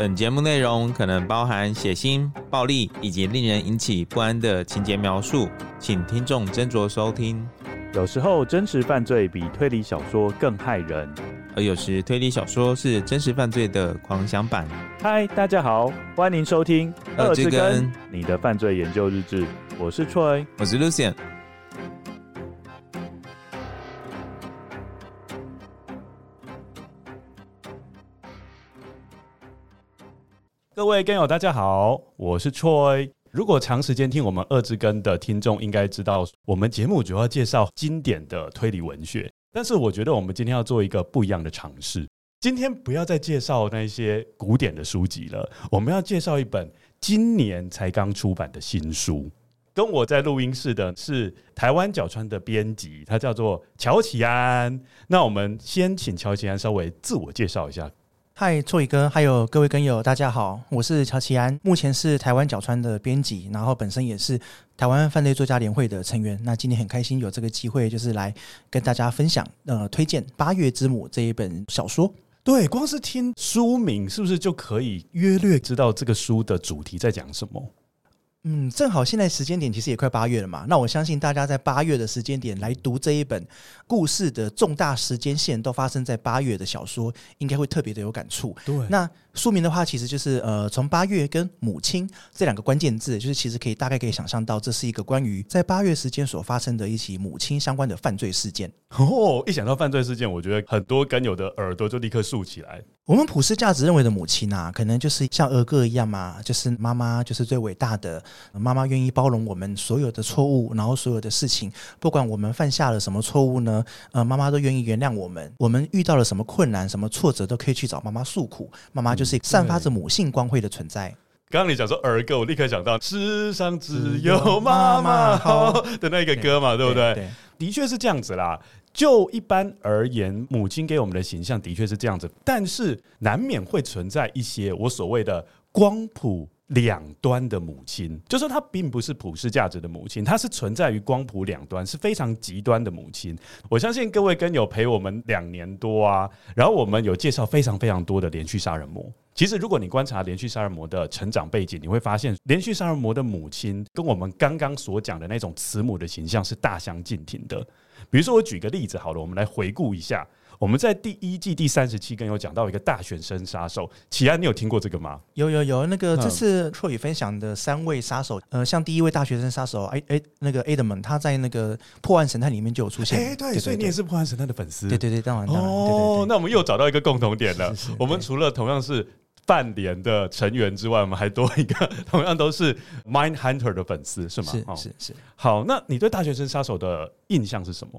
本節目內容可能包含血腥、暴力以及令人引起不安的情節描述，請聽眾斟酌收聽。有時候真實犯罪比推理小說更駭人，而有時推理小說是真實犯罪的狂想版。嗨，大家好，歡迎收聽惡之根《惡之根你的犯罪研究日志》，我是崔，我是 Lucien 各位根友，大家好，我是 Troy。如果長時間聽我們惡之根的聽眾，應該知道我們節目主要介紹經典的推理文學。但是，我覺得我們今天要做一個不一樣的嘗試，今天不要再介紹那些古典的書籍了，我們要介紹一本今年才剛出版的新書。跟我在錄音室的是台灣角川的編輯，他叫做喬齊安。那我們先請喬齊安稍微自我介紹一下。嗨，座椅哥，還有各位根友，大家好，我是喬齊安，目前是台灣角川的編輯，然後本身也是台灣犯罪作家聯會的成員。那今天很開心有這個機會，就是來跟大家分享，呃，推薦《八月之母》這一本小說。對，光是聽書名，是不是就可以約略知道這個書的主題在講什麼？嗯，正好現在時間點其實也快八月了嘛，那我相信大家在八月的時間點來讀這一本故事的重大時間線都發生在八月的小說，應該會特別的有感觸。對，那。書名的話，其實就是呃，從八月跟母親這兩個關鍵字，就是其實可以大概可以想象到，這是一個關於在八月時間所發生的一起母親相關的犯罪事件。哦，oh, 一想到犯罪事件，我覺得很多根友的耳朵就立刻豎起來。我們普世價值認為的母親啊，可能就是像兒歌一樣嘛，就是媽媽就是最偉大的，媽媽願意包容我們所有的錯誤，然後所有的事情，不管我們犯下了什麼錯誤呢，呃，媽媽都願意原諒我們。我們遇到了什麼困難、什麼挫折，都可以去找媽媽訴苦，媽媽。就是散發着母性光輝的存在。剛剛你講說兒歌，我立刻想到世上只有媽媽好的那個歌嘛，對，對不對？對對對，的確是這樣子啦。就一般而言，母親給我們的形象的確是這樣子，但是難免會存在一些我所謂的光譜。兩端的母親，就說她，並不是普世價值的母親，她是存在於光譜兩端，是非常極端的母親。我相信各位根友陪我們兩年多啊，然後我們有介紹非常非常多的連續殺人魔。其實，如果你觀察連續殺人魔的成長背景，你會發現連續殺人魔的母親跟我們剛剛所講的那種慈母的形象是大相徑庭的。比如說，我舉個例子好了，我們來回顧一下。我們在第一季第三十七根有講到一個大學生殺手，齊安，你有聽過這個嗎？有有有，那個這次碩宇分享的三位殺手，嗯、呃，像第一位大學生殺手，哎、欸、哎，那個 Edmund 他在那個破案神探裡面就有出現，哎、欸欸欸、對，對對對對，所以你也是破案神探的粉絲，對對對，當然，當然哦，對對對對，那我們又找到一個共同點了，對我們除了同樣是犯聯的成員之外，我們還多一個，對同樣都是 Mind Hunter 的粉絲，是嗎？是是是，好，那你對大學生殺手的印象是什麼？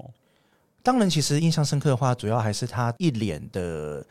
當然，其實印象深刻的話，主要還是他一臉的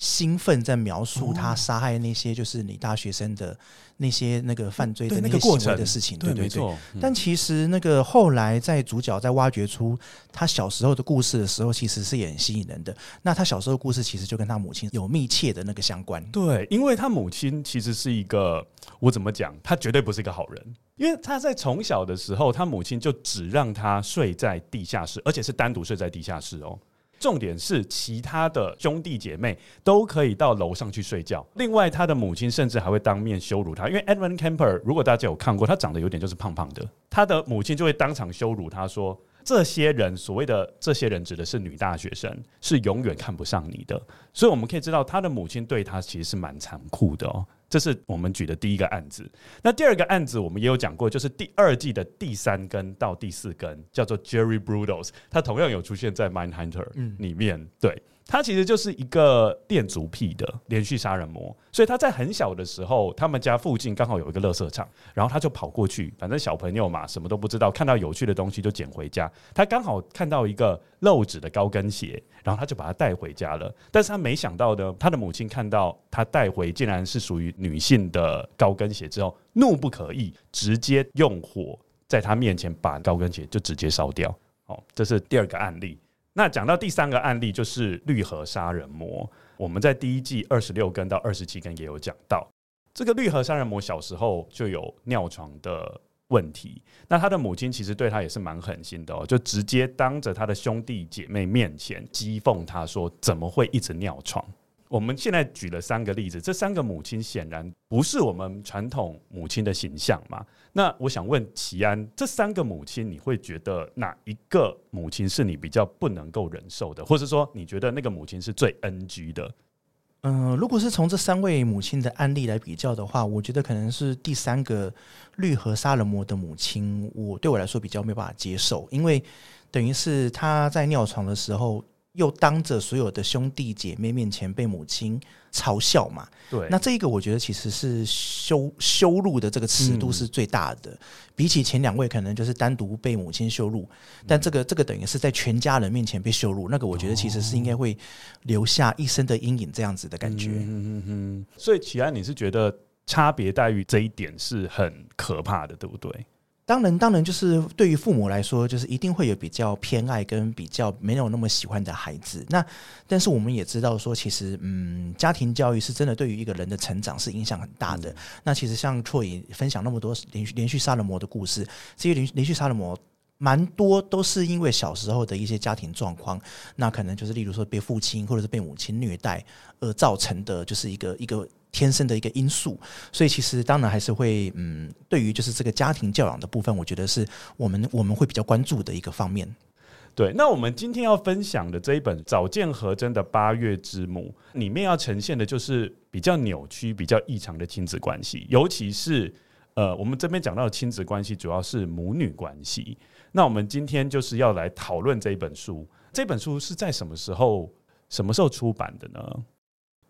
興奮，在描述他殺害那些就是女大學生的那些那個犯罪的、嗯、那個過程的事情，對對對。沒錯，嗯、但其實那個後來在主角在挖掘出他小時候的故事的時候，其實是也很吸引人的。那他小時候的故事其實就跟他母親有密切的那個相關。對，因為他母親其實是一個，我怎麼講，他絕對不是一個好人。因為他在從小的時候，他母親就只讓他睡在地下室，而且是單獨睡在地下室哦。重點是，其他的兄弟姐妹都可以到樓上去睡覺。另外，他的母親甚至還會當面羞辱他。因為 Edmund Kemper，如果大家有看過，他長得有點就是胖胖的，他的母親就會當場羞辱他說：“這些人所謂的這些人指的是女大學生，是永遠看不上你的。”所以我們可以知道，他的母親對他其實是蠻殘酷的哦。這是我們舉的第一個案子。那第二個案子，我們也有講過，就是第二季的第三根到第四根，叫做 Jerry Brudos，他同樣有出現在 Mindhunter、嗯、裡面，對。他其實就是一個戀足癖的連續殺人魔，所以他在很小的時候，他們家附近剛好有一個垃圾場，然後他就跑過去。反正小朋友嘛，什麼都不知道，看到有趣的東西就撿回家。他剛好看到一個露趾的高跟鞋，然後他就把它帶回家了。但是他沒想到的，他的母親看到他帶回竟然是屬於女性的高跟鞋之後，怒不可遏，直接用火在他面前把高跟鞋就直接燒掉。好，這是第二個案例。那講到第三個案例，就是綠河殺人魔。我們在第一季二十六根到二十七根也有講到，這個綠河殺人魔小時候就有尿床的問題。那他的母親其實對他也是蠻狠心的哦、喔，就直接當着他的兄弟姐妹面前譏諷他說：“怎麼會一直尿床？”我們現在舉了三個例子，這三個母親顯然不是我們傳統母親的形象嘛？那我想問齊安，這三個母親，你會覺得哪一個母親是你比較不能夠忍受的，或者說你覺得那個母親是最 NG 的？嗯、呃，如果是從這三位母親的案例來比較的話，我覺得可能是第三個綠河殺人魔的母親，我對我來說比較沒有辦法接受，因為等於是她在尿床的時候。又當着所有的兄弟姐妹面前被母親嘲笑嘛？對，那這一個我覺得其實是羞羞辱的這個尺度是最大的，嗯、比起前兩位可能就是單獨被母親羞辱，嗯、但這個這個等於是在全家人面前被羞辱，那個我覺得其實是應該會留下一生的陰影，這樣子的感覺。哦、嗯嗯嗯。所以齊安，你是覺得差別待遇這一點是很可怕的，對不對？當然，當然，就是對於父母來說，就是一定會有比較偏愛跟比較沒有那麼喜歡的孩子。那但是我們也知道說，其實嗯，家庭教育是真的對於一個人的成長是影響很大的。那其實像錯影分享那麼多連續連續殺人魔的故事，這些連連續殺人魔蠻多都是因為小時候的一些家庭狀況，那可能就是例如說被父親或者是被母親虐待而造成的，就是一個一個。天生的一個因素，所以其實當然還是會，嗯，對於就是這個家庭教養的部分，我覺得是我們我們會比較關注的一個方面。對，那我們今天要分享的這一本早見和真的《八月之母》裡面要呈現的就是比較扭曲、比較異常的親子關係，尤其是呃，我們這邊講到的親子關係主要是母女關係。那我們今天就是要來討論這一本書，這本書是在什麼時候、什麼時候出版的呢？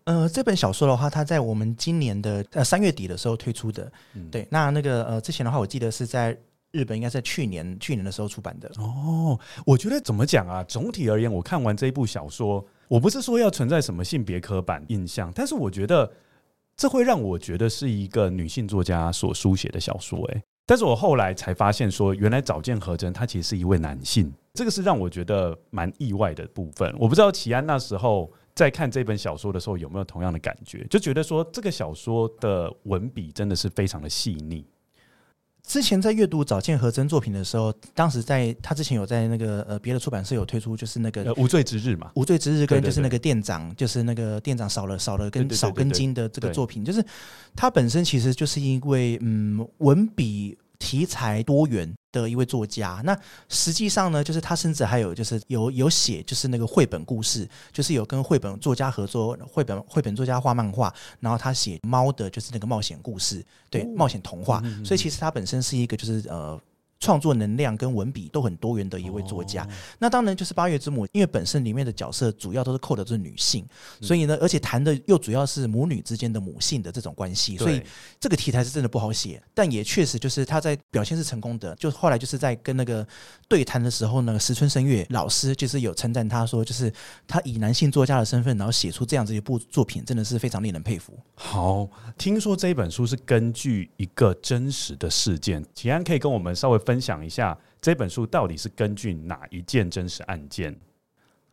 呃，這本小說的話，它在我們今年的呃三月底的時候推出的。嗯，對。那那個呃，之前的話，我記得是在日本，應該在去年去年的時候出版的。哦，我覺得怎麼講啊？總體而言，我看完這一部小說，我不是說要存在什麼性別刻板印象，但是我覺得這會讓我覺得是一個女性作家所書寫的小說欸。哎，但是我後來才發現說，原來早見和真他其實是一位男性，這個是讓我覺得蠻意外的部分。我不知道齊安那時候。在看這本小說的時候，有沒有同樣的感覺？就覺得說這個小說的文筆真的是非常的細膩。之前在閱讀早見和真作品的時候，當時在他之前有在那個呃別的出版社有推出，就是那個《無罪之日》嘛，《無罪之日》跟就是那個店長，對對對，就是那個店長少了少了跟對對對對對少根筋的這個作品，對對對對對，就是他本身其實就是因為嗯文筆題材多元，的一位作家，那實際上呢，就是他甚至還有就是有有寫就是那個繪本故事，就是有跟繪本作家合作，繪本繪本作家畫漫畫，然後他寫貓的就是那個冒險故事，對，哦，冒險童話，嗯嗯嗯，所以其實他本身是一個就是呃。創作能量跟文筆都很多元的一位作家，哦、那當然就是《八月之母》，因為本身裡面的角色主要都是扣的是女性，嗯、所以呢，而且談的又主要是母女之間的母性的這種關係，嗯、所以這個題材是真的不好寫，對但也確實就是他在表現是成功的。就後來就是在跟那個對談的時候，那個辻村深月老師就是有稱讚他說，就是他以男性作家的身份，然後寫出這樣子一部作品，真的是非常令人佩服。好，聽說這一本書是根據一個真實的事件，齊安可以跟我們稍微分。分享一下這一本書到底是根據哪一件真實案件？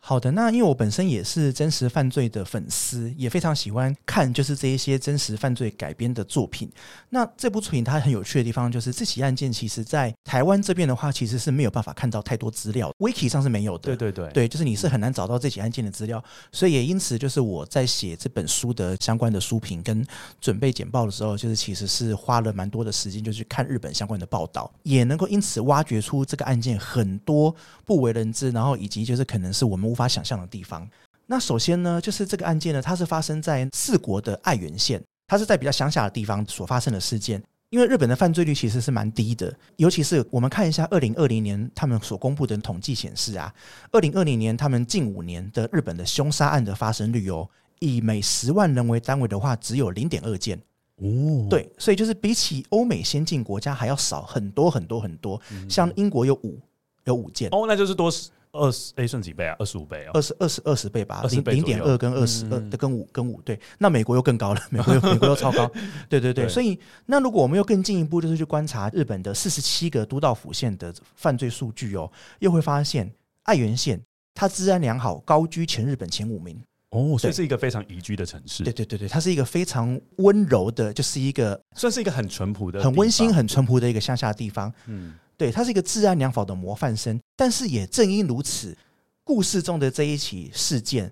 好的，那因為我本身也是真實犯罪的粉絲，也非常喜歡看就是這一些真實犯罪改編的作品。那這部作品它很有趣的地方，就是這起案件其實在台灣這邊的話，其實是沒有辦法看到太多資料，Wiki 上是沒有的。對對對，對，就是你是很難找到這起案件的資料，所以也因此，就是我在寫這本書的相關的書評跟準備簡報的時候，就是其實是花了蠻多的時間，就去看日本相關的報道，也能夠因此挖掘出這個案件很多不為人知，然後以及就是可能是我們。無法想象的地方。那首先呢，就是這個案件呢，它是發生在四國的愛媛縣，它是在比較鄉下的地方所發生的事件。因為日本的犯罪率其實是蠻低的，尤其是我們看一下二零二零年他們所公布的統計顯示啊，二零二零年他們近五年的日本的凶殺案的發生率哦，以每十萬人為單位的話，只有零點二件。哦，對，所以就是比起歐美先進國家還要少很多很多很多。像英國有五、有五件哦，那就是多。二十 A 算幾倍啊？二十五倍啊？二十二十二十倍吧？零零點二跟二十、嗯，二跟五跟五對。那美國又更高了，美國又 美國又超高。對對對，對所以那如果我們又更進一步，就是去觀察日本的四十七個都道府縣的犯罪數據哦，又會發現愛媛縣它治安良好，高居全日本前五名。哦，所以是一個非常宜居的城市。對對對,對它是一個非常溫柔的，就是一個算是一個很淳樸的、很溫馨、對很淳樸的一個鄉下地方。嗯。對，他是一個治安良好的模範生，但是也正因如此，故事中的這一起事件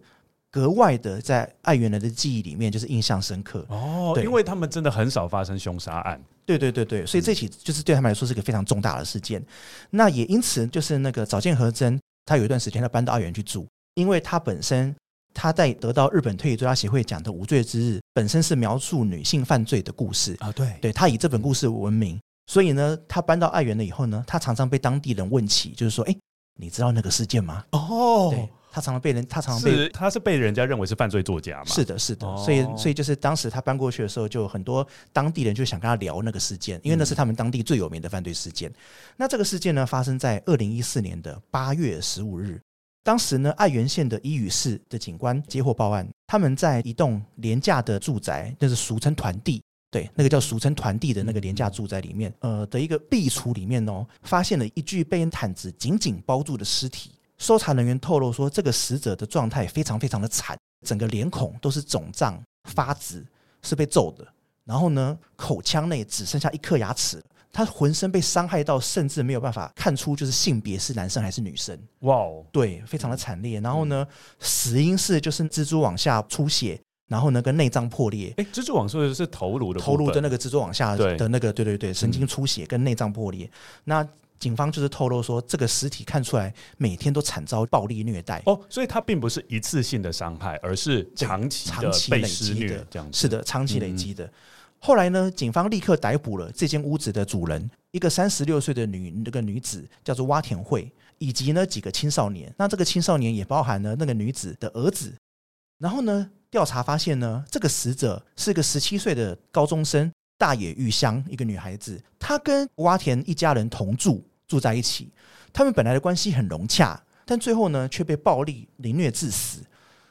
格外的在愛媛人的記憶裡面就是印象深刻哦，對因為他們真的很少發生凶殺案，對對對對，所以這起就是對他們來說是一個非常重大的事件。嗯、那也因此，就是那個早見和真，他有一段時間他搬到愛媛去住，因為他本身他在得到日本推理作家協會獎的無罪之日，本身是描述女性犯罪的故事啊、哦，對，對他以這本故事聞名。所以呢，他搬到愛媛了以後呢，他常常被當地人問起，就是說：「誒、欸、你知道那個事件嗎？”哦，oh, 對，他常常被人，他常常被是他是被人家認為是犯罪作家嘛。是的，是的，是的。所以，所以就是當時他搬過去的時候，就很多當地人就想跟他聊那個事件，因為那是他們當地最有名的犯罪事件。嗯、那這個事件呢，發生在二零一四年的八月十五日。當時呢，愛媛縣的伊予市的警官接獲報案，他們在一棟廉價的住宅，那、就是俗稱團地。對，那個叫俗稱“團地”的那個廉價住宅裡面，呃，的一個壁櫥裡面哦，發現了一具被人毯子緊緊包住的屍體。搜查人員透露說，這個死者的狀態非常非常的慘，整個臉孔都是腫脹發紫，是被揍的。然後呢，口腔內只剩下一顆牙齒，他渾身被傷害到，甚至沒有辦法看出就是性別是男生還是女生。哇哦，對，非常的慘烈。然後呢，死因是就是蜘蛛網下出血。然後呢，跟內臟破裂。哎、欸，蜘蛛網說的是頭顱的頭顱的那個蜘蛛網下的那個，對，對對對，神經出血跟內臟破裂。嗯、那警方就是透露說，這個屍體，看出來每天都慘遭暴力虐待哦，所以它，並不是一次性的傷害，而是長期長期累積的這樣。是的，長期累積的。嗯、後來呢，警方立刻逮捕了這間屋子的主人，一個三十六歲的女那個女子叫做窪田惠，以及呢幾個青少年。那這個青少年也包含了那個女子的兒子。然後呢，調查發現呢，這個死者是個十七歲的高中生大野裕香，一個女孩子，她跟窪田一家人同住，住在一起，他們本來的關係很融洽，但最後呢卻被暴力凌虐致死。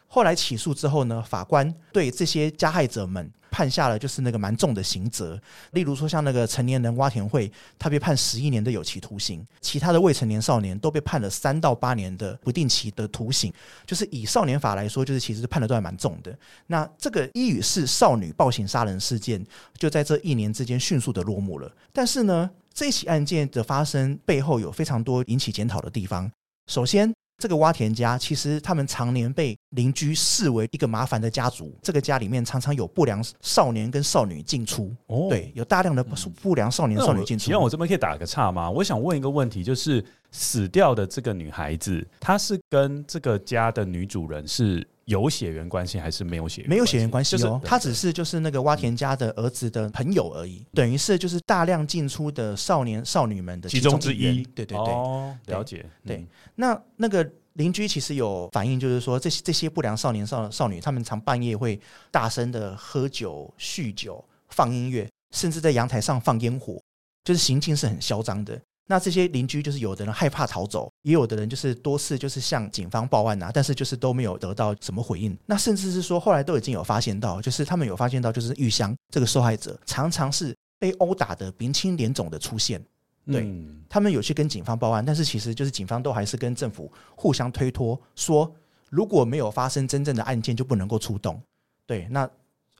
後來起訴之後呢，法官對這些加害者們。判下了就是那個蠻重的刑責，例如說像那個成年人窪田惠，他被判十一年的有期徒刑；其他的未成年少年都被判了三到八年的不定期的徒刑。就是以少年法來說，就是其實判的都還蠻重的。那這個伊予市少女暴行殺人事件就在這一年之間迅速的落幕了。但是呢，這起案件的發生背後有非常多引起檢討的地方。首先。這個窪田家其實他們常年被鄰居視為一個麻煩的家族。這個家裡面常常有不良少年跟少女進出。哦，對，有大量的不良少年少女進出。請問、嗯、我，我這邊可以打個岔嗎？我想問一個問題，就是死掉的這個女孩子，她是跟這個家的女主人是？有血緣關係還是沒有血緣關係？沒有血緣關係，就是，就他只是就是那個窪田家的兒子的朋友而已，嗯、等於是就是大量進出的少年少女們的其中之一。對對對，哦、對了解。對，對，嗯、那那個鄰居其實有反映，就是說這些這些不良少年少少女，他們常半夜會大聲的喝酒、酗酒、放音樂，甚至在陽台上放煙火，就是行徑是很囂張的。那這些鄰居就是有的人害怕逃走，也有的人就是多次就是向警方報案吶、啊，但是就是都沒有得到什麼回應。那甚至是說後來都已經有發現到，就是他們有發現到，就是裕香這個受害者常常是被毆打的鼻青臉腫的出現。對、嗯、他們有去跟警方報案，但是其實就是警方都還是跟政府互相推脫，說如果沒有發生真正的案件就不能夠出動。對，那。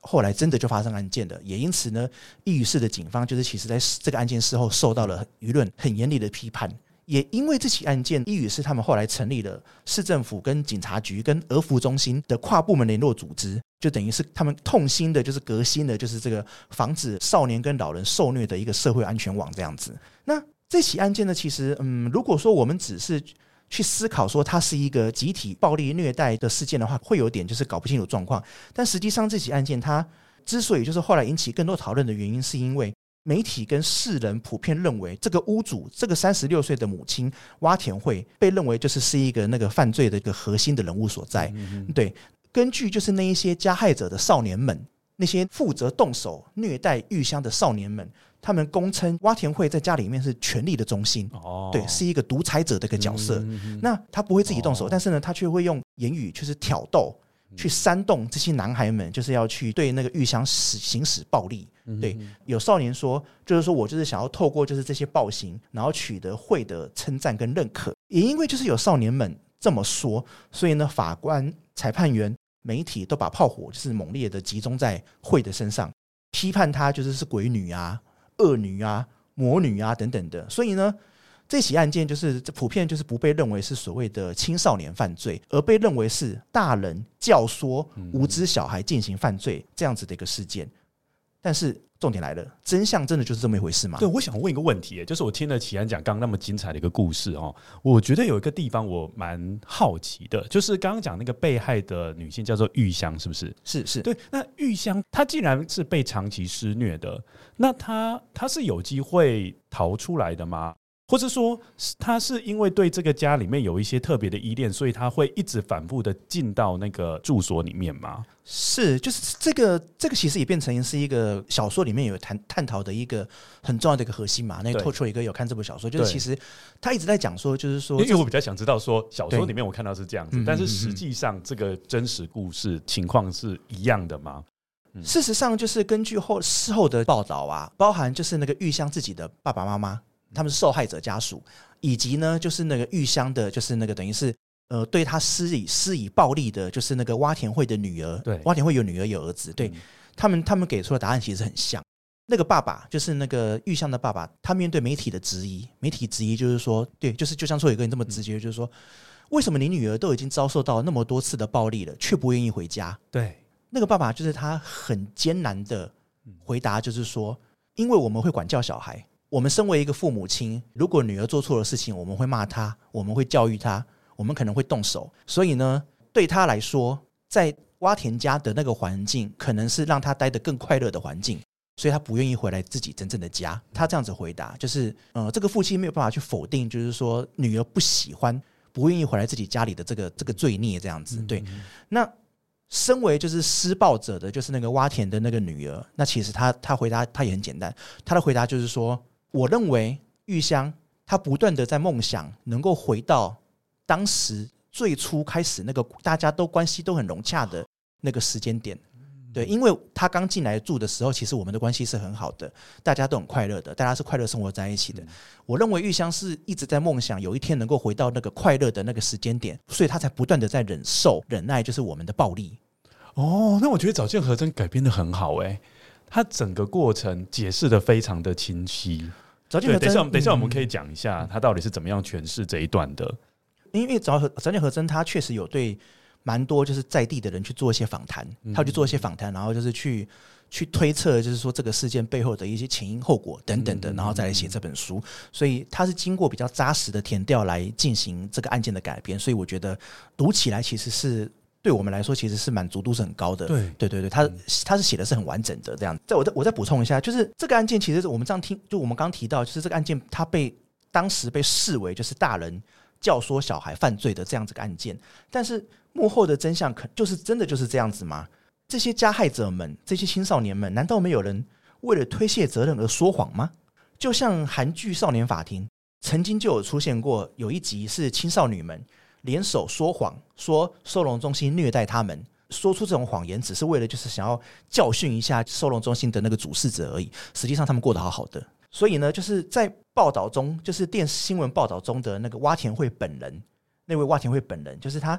後來真的就發生案件了，也因此呢，伊予市的警方就是其實在這個案件事後受到了輿論很嚴厲的批判。也因為這起案件，伊予市他們後來成立了市政府跟警察局跟兒福中心的跨部門聯絡組織，就等於是他們痛心的，就是革新的就是這個防止少年跟老人受虐的一個社會安全網這樣子。那這起案件呢，其實嗯，如果說我們只是。去思考說它是一個集體暴力虐待的事件的話，會有點就是搞不清楚狀況。但實際上這起案件它之所以就是後來引起更多討論的原因，是因為媒體跟世人普遍認為這個屋主這個三十六歲的母親窪田惠被認為就是是一個那個犯罪的一個核心的人物所在。嗯、哼對，根據就是那一些加害者的少年們，那些負責動手虐待裕香的少年們。他們供稱窪田惠在家裡面是權力的中心，哦，oh. 對，是一個獨裁者的一個角色。Mm hmm. 那他不會自己動手，oh. 但是呢，他卻會用言語就是挑逗，去煽動這些男孩們，就是要去對那個裕香使行使暴力。Mm hmm. 對，有少年說，就是說我就是想要透過就是這些暴行，然後取得惠的稱讚跟認可。也因為就是有少年們這麼說，所以呢，法官、裁判員、媒體都把炮火就是猛烈的集中在惠的身上，批判他就是是鬼女啊。惡女啊，魔女啊，等等的，所以呢，這起案件就是普遍就是不被認為是所謂的青少年犯罪，而被認為是大人教唆無知小孩進行犯罪這樣子的一個事件，但是。重點來了，真相真的就是這麼一回事嗎？對，我想問一個問題，就是我聽了齊安講剛剛那麼精彩的一個故事哦、喔，我覺得有一個地方我蠻好奇的，就是剛剛講那個被害的女性叫做裕香，是不是？是是對。那裕香她既然是被長期施虐的，那她她是有機會逃出來的嗎？或是說，他是因為對這個家裡面有一些特別的依戀，所以他會一直反覆的進到那個住所裡面嗎？是，就是這個這個其實也變成是一個小說裡面有探探討的一個很重要的一個核心嘛。那個透出、er、一個哥有看這部小說，對就是其實他一直在講說，就是說是，因為我比較想知道說小說裡面我看到是這樣子，嗯哼嗯哼，但是實際上這個真實故事情況是一樣的嗎？嗯、事實上，就是根據後事後的報道啊，包含就是那個裕香自己的爸爸媽媽。他們是受害者家屬，以及呢，就是那個裕香的，就是那個等於是呃，對他施以施以暴力的，就是那個窪田惠的女兒。對，窪田惠有女兒有兒子。對、嗯、他們，他們給出的答案其實很像。那個爸爸就是那個裕香的爸爸，他面對媒體的質疑，媒體質疑就是說，對，就是就像說有個人這麼直接，就是說，嗯、為什麼你女兒都已經遭受到那麼多次的暴力了，卻不願意回家？對，那個爸爸就是他很艱難的回答，就是說，嗯、因為我們會管教小孩。我們身為一個父母親，如果女兒做錯了事情，我們會罵她，我們會教育她，我們可能會動手。所以呢，對她來說，在窪田家的那個環境，可能是讓她待得更快樂的環境，所以她不願意回來自己真正的家。她這樣子回答，就是，嗯、呃，這個父親沒有辦法去否定，就是說女兒不喜歡，不願意回來自己家裡的這個這個罪孽這樣子。嗯嗯對，那身為就是施暴者的就是那個窪田的那個女兒，那其實她她回答她也很簡單，她的回答就是說。我認為裕香她不斷的在夢想能夠回到當時最初開始那個大家都關係都很融洽的那個時間點，對，因為她剛進來住的時候，其實我們的關係是很好的，大家都很快樂的，大家是快樂生活在一起的。我認為裕香是一直在夢想有一天能夠回到那個快樂的那個時間點，所以她才不斷的在忍受忍耐，就是我們的暴力。哦，那我覺得早見和真改編得很好，哎。他整個過程解釋得非常的清晰，早見和真對，等一下，等一下，我們可以講一下他到底是怎麼樣詮釋這一段的。嗯、因為早早見和真他確實有對蠻多就是在地的人去做一些訪談，嗯、他去做一些訪談，然後就是去去推測，就是說這個事件背後的一些前因後果等等的，嗯、然後再來寫這本書。所以他是經過比較扎實的田調來進行這個案件的改編，所以我覺得讀起來其實是。對我們來說，其實是滿足度是很高的。對，對,對,對，對，他，他是寫的是很完整的這樣子。在我再我再補充一下，就是這個案件，其實我們這樣聽，就我們剛,剛提到，就是這個案件它，他被當時被視為就是大人教唆小孩犯罪的這樣子個案件。但是幕後的真相，可就是真的就是這樣子嗎？這些加害者們，這些青少年們，難道沒有人為了推卸責任而說謊嗎？就像韓劇《少年法庭》曾經就有出現過，有一集是青少女們。聯手說謊，說收容中心虐待他們，說出這種謊言只是為了就是想要教訓一下收容中心的那個主事者而已。實際上他們過得好好的。所以呢，就是在報道中，就是電視新聞報道中的那個窪田惠本人，那位窪田惠本人，就是他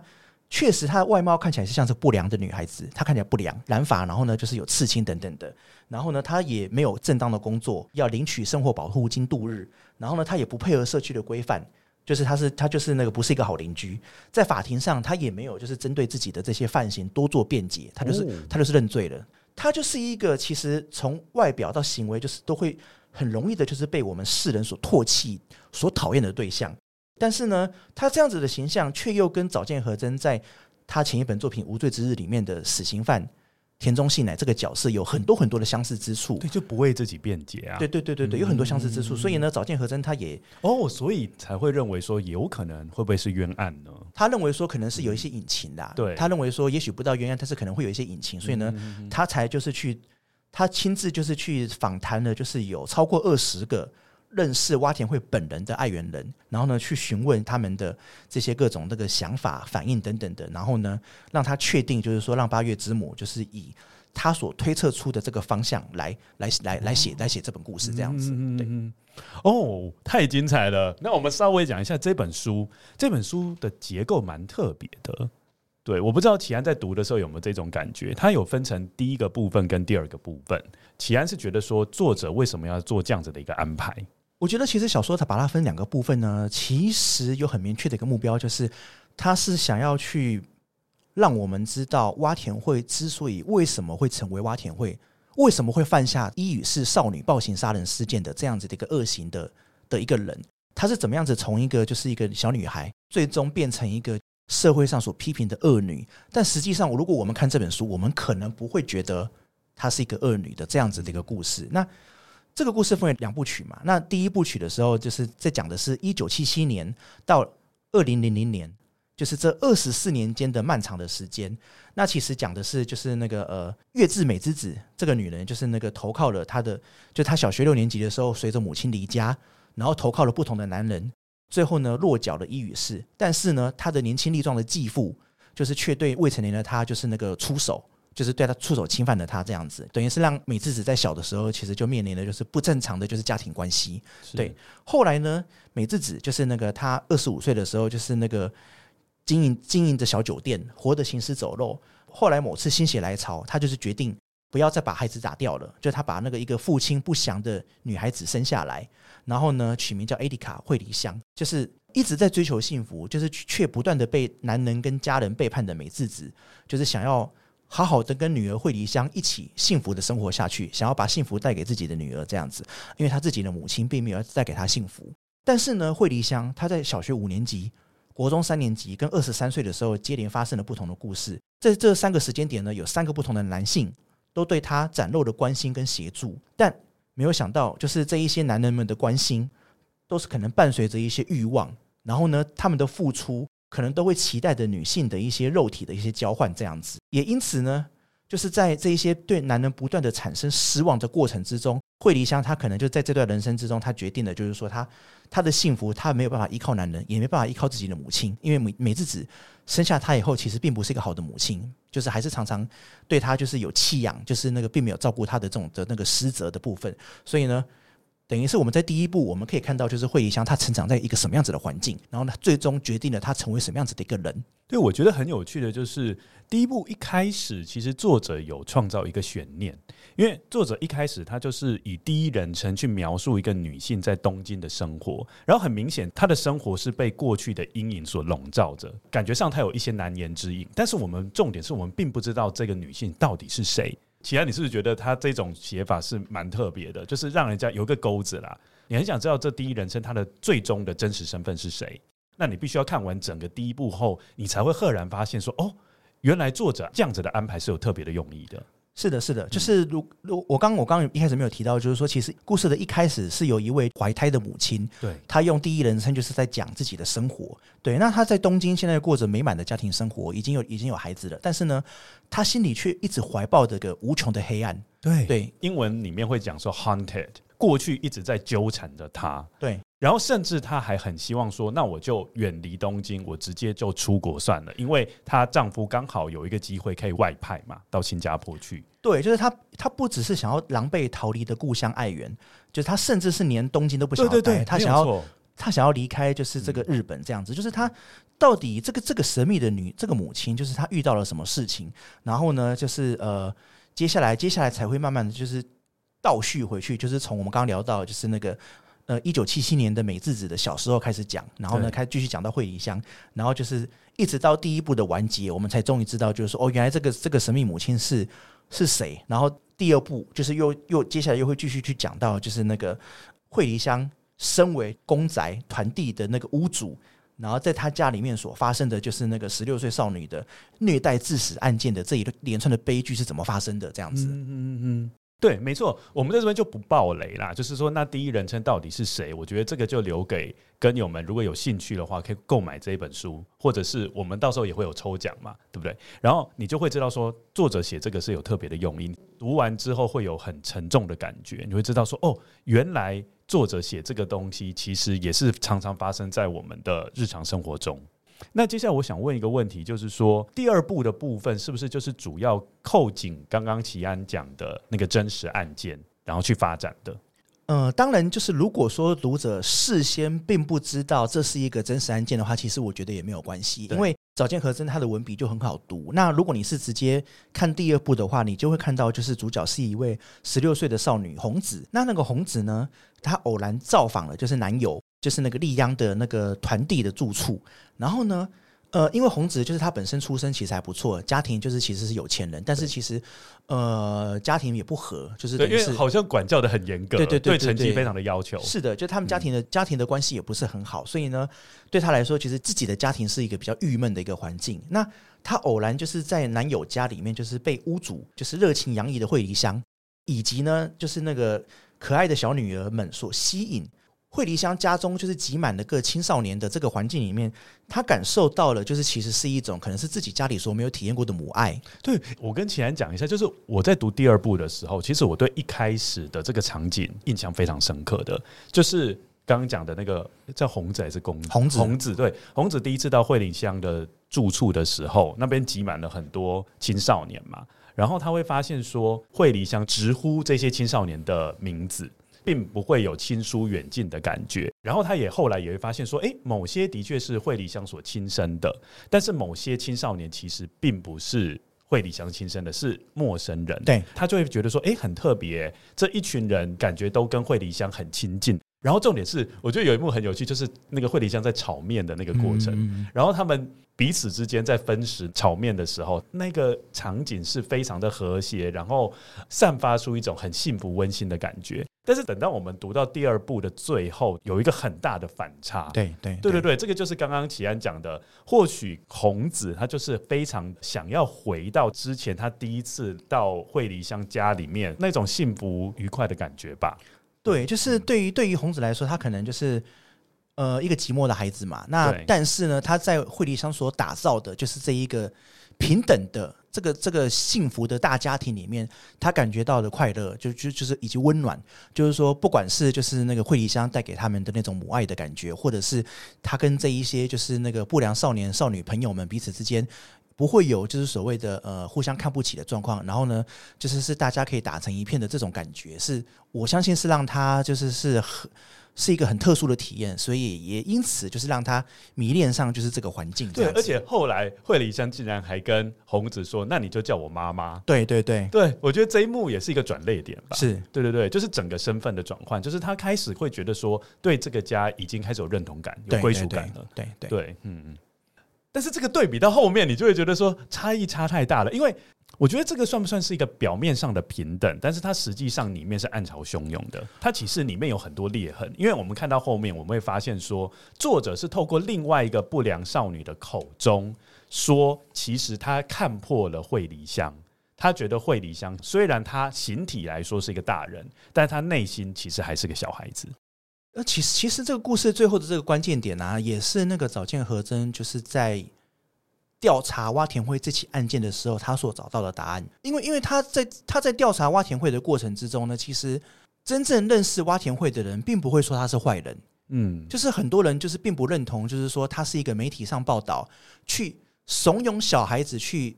確實他的外貌看起來是像是不良的女孩子，她看起來不良，染髮，然後呢就是有刺青等等的，然後呢她也沒有正當的工作，要領取生活保護金度日，然後呢她也不配合社區的規範。就是他是他就是那個不是一個好鄰居，在法庭上他也沒有就是針對自己的這些犯行多做辯解，他就是他就是認罪了，他就是一個其實從外表到行為就是都會很容易的就是被我們世人所唾棄、所討厭的對象。但是呢，他這樣子的形象卻又跟早見和真在他前一本作品《無罪之日》裡面的死刑犯。田中信乃這個角色有很多很多的相似之處，對，就不為自己辯解啊，對對對對對，有很多相似之處，嗯、所以呢，早見和真他也哦，所以才會認為說有可能會不會是冤案呢？他認為說可能是有一些隱情的，對，他認為說也許不到冤案，但是可能會有一些隱情，所以呢，嗯、他才就是去他親自就是去訪談了，就是有超過二十個，認識窪田惠本人的愛媛人，然後呢，去詢問他們的這些各種那個想法、反應等等的，然後呢，讓他確定，就是說讓八月之母，就是以他所推測出的這個方向來來來來寫來寫這本故事，這樣子，嗯、對，哦，太精彩了。那我們稍微講一下這本書，這本書的結構蠻特別的，對，我不知道齊安在讀的時候有沒有這種感覺，它有分成第一個部分跟第二個部分。齊安是覺得說，作者為什麼要做這樣子的一個安排？我覺得其實，小說它把它分兩個部分呢，其實有很明確的一個目標，就是它是想要去讓我們知道窪田惠之所以為什麼會成為窪田惠，為什麼會犯下伊予市少女暴行殺人事件的這樣子的一個惡行的的一個人，他是怎麼樣子從一個就是一個小女孩，最終變成一個社會上所批評的惡女，但實際上如果我們看這本書，我們可能不會覺得她是一個惡女的這樣子的一個故事。那這個故事分為兩部曲嘛，那第一部曲的時候就是在講的是一九七七年到二零零零年，就是這二十四年間的漫長的時間。那其實講的是就是那個呃月志美之子這個女人，就是那個投靠了她的，就她小學六年級的時候，隨着母親離家，然後投靠了不同的男人，最後呢落腳了伊予市。但是呢，她的年輕力壯的繼父，就是卻對未成年的她就是那個出手。就是對他出手侵犯了他這樣子，等於是讓美智子在小的時候，其實就面臨了就是不正常的就是家庭關係。的對，後來呢，美智子就是那個她二十五歲的時候，就是那個經營經營着小酒店，活得行屍走肉。後來某次心血來潮，她就是決定不要再把孩子打掉了，就她把那個一個父親不詳的女孩子生下來，然後呢取名叫艾迪卡惠梨香，就是一直在追求幸福，就是卻不斷的被男人跟家人背叛的美智子，就是想要。好好的跟女兒惠梨香一起幸福的生活下去，想要把幸福帶給自己的女兒這樣子，因為她自己的母親並沒有帶給她幸福。但是呢，惠梨香她在小學五年級、國中三年級跟二十三歲的時候，接連發生了不同的故事。在這三個時間點呢，有三個不同的男性都對她展露了關心跟協助，但沒有想到，就是這一些男人們的關心都是可能伴隨着一些慾望，然後呢，他們的付出。可能都會期待着女性的一些肉體的一些交換這樣子，也因此呢，就是在這一些對男人不斷的產生失望的過程之中，惠梨香她可能就在這段人生之中，她決定了就是說，她她的幸福她沒有辦法依靠男人，也沒辦法依靠自己的母親，因為美美智子生下她以後，其實並不是一個好的母親，就是還是常常對她就是有棄養，就是那個並沒有照顧她的這種的那個失責的部分，所以呢。等於是我們在第一步，我們可以看到就是惠議香她成長在一個什麼樣子的環境，然後呢，最終決定了她成為什麼樣子的一個人。對，我覺得很有趣的就是，第一部一開始，其實作者有創造一個懸念，因為作者一開始他就是以第一人稱去描述一個女性在東京的生活，然後很明顯她的生活是被過去的陰影所籠罩着，感覺上她有一些難言之隱。但是我們重點是我們並不知道這個女性到底是誰。齊安你是不是覺得他這種寫法是蠻特別的？就是讓人家有個鈎子啦，你很想知道這第一人稱他的最終的真實身份是誰？那你必須要看完整個第一部後，你才會赫然發現說，哦，原來作者這樣子的安排是有特別的用意的。嗯是的，是的，就是如如、嗯、我剛我剛一開始沒有提到，就是說其實故事的一開始是有一位懷胎的母親，對，她用第一人稱就是在講自己的生活，對，那她在東京現在過着美滿的家庭生活，已經有已經有孩子了，但是呢，她心裡卻一直懷抱着個無窮的黑暗，對對，英文裡面會講說 haunted。過去一直在糾纏着她，對，然後甚至她還很希望說，那我就遠離東京，我直接就出國算了，因為她丈夫剛好有一個機會可以外派嘛，到新加坡去。對，就是她，她不只是想要狼狽逃離的故鄉愛媛，就是她甚至是連東京都不想要待，對對對，她想要，她想要離開，就是這個日本這樣子。嗯嗯，就是她到底這個這個神秘的女這個母親，就是她遇到了什麼事情？然後呢，就是呃，接下來接下來才會慢慢的就是。倒敘回去，就是從我們剛剛聊到，就是那個呃一九七七年的美智子的小時候開始講，然後呢，對開始繼續講到惠梨香，然後就是一直到第一部的完結，我們才終於知道，就是說哦，原來這個這個神秘母親是是誰。然後第二部就是又又接下來又會繼續去講到，就是那個惠梨香身為公宅團地的那個屋主，然後在他家裡面所發生的就是那個十六歲少女的虐待致死案件的這一連串的悲劇是怎麼發生的這樣子。嗯嗯嗯。嗯嗯對，沒錯，我們在這邊就不爆雷啦。就是說，那第一人稱到底是誰？我覺得這個就留給根友們，如果有興趣的話，可以購買這一本書，或者是我們到時候也會有抽獎嘛，對不對？然後你就會知道說，作者寫這個是有特別的用意，讀完之後會有很沉重的感覺，你會知道說，哦，原來作者寫這個東西，其實也是常常發生在我們的日常生活中。那接下來我想問一個問題，就是說第二部的部分是不是就是主要扣緊剛剛齊安講的那個真實案件，然後去發展的？呃，當然，就是如果說讀者事先並不知道這是一個真實案件的話，其實我覺得也沒有關係，對因為早見和真他的文筆就很好讀。那如果你是直接看第二部的話，你就會看到就是主角是一位十六歲的少女紅子。那那個紅子呢，她偶然造訪了就是男友。就是那個麗央的那個團地的住處，然後呢，呃，因為紅子就是他本身出身其實還不錯，家庭就是其實是有錢人，但是其實呃家庭也不和，就是因為好像管教的很嚴格，對對對，成績非常的要求，是的，就他們家庭的家庭的關係也不是很好，所以呢，對他來說，其實自己的家庭是一個比較鬱悶的一個環境。那她偶然就是在男友家裡面，就是被屋主就是熱情洋溢的惠梨香，以及呢，就是那個可愛的小女兒們所吸引。惠梨香家中就是擠滿了各青少年的這個環境裡面，他感受到了就是其實是一種可能是自己家裡所沒有體驗過的母愛。對，我跟齊安講一下，就是我在讀第二部的時候，其實我對一開始的這個場景印象非常深刻的，就是剛剛講的那個叫紅子還是公子紅子紅子對紅子第一次到惠梨香的住處的時候，那邊擠滿了很多青少年嘛，然後他會發現說惠梨香直呼這些青少年的名字，並不會有親疏遠近的感覺，然後他也後來也會發現說，哎、欸，某些的確是惠理香所親生的，但是某些青少年其實並不是惠理香親生的，是陌生人，對，他就會覺得說，哎、欸，很特別，這一群人感覺都跟惠理香很親近。然後重點是，我覺得有一幕很有趣，就是那個惠理香在炒麵的那個過程。嗯、然後他們彼此之間在分食炒麵的時候，那個場景是非常的和諧，然後散發出一種很幸福溫馨的感覺。但是等到我們讀到第二部的最後，有一個很大的反差。對對對對對，這個就是剛剛齊安講的。或許孔子他就是非常想要回到之前他第一次到惠理香家裡面那種幸福愉快的感覺吧。對，就是對於對於紅子來說，他可能就是呃一個寂寞的孩子嘛。那但是呢，他在惠梨香所打造的，就是這一個平等的這個這個幸福的大家庭裡面，他感覺到的快樂，就就就是以及溫暖，就是說，不管是就是那個惠梨香帶給他們的那種母愛的感覺，或者是他跟這一些就是那個不良少年少女朋友們彼此之間。不會有就是所謂的呃互相看不起的狀況，然後呢，就是是大家可以打成一片的這種感覺，是我相信是讓他就是是很是一個很特殊的體驗，所以也因此就是讓他迷戀上就是這個環境。對，而且後來惠理香竟然還跟紅子說：“那你就叫我媽媽。”對對對對，我覺得這一幕也是一個轉捩點吧。是，對對對，就是整個身份的轉換，就是他開始會覺得說，對這個家已經開始有認同感、有歸屬感了。對對對，嗯嗯。但是這個對比到後面，你就會覺得說差異差太大了。因為我覺得這個算不算是一個表面上的平等？但是它實際上裡面是暗潮洶湧的，它其實裡面有很多裂痕。因為我們看到後面，我們會發現說，作者是透過另外一個不良少女的口中說，其實他看破了惠梨香，他覺得惠梨香雖然他形體來說是一個大人，但他內心其實還是個小孩子。那其實其實這個故事最後的這個關鍵點呢，啊，也是那個早見和真，就是在調查窪田惠這起案件的時候，他所找到的答案。因為因為他在他在調查窪田惠的過程之中呢，其實真正認識窪田惠的人，並不會說他是壞人。嗯，就是很多人就是並不認同，就是說他是一個媒體上報道去慫恿小孩子去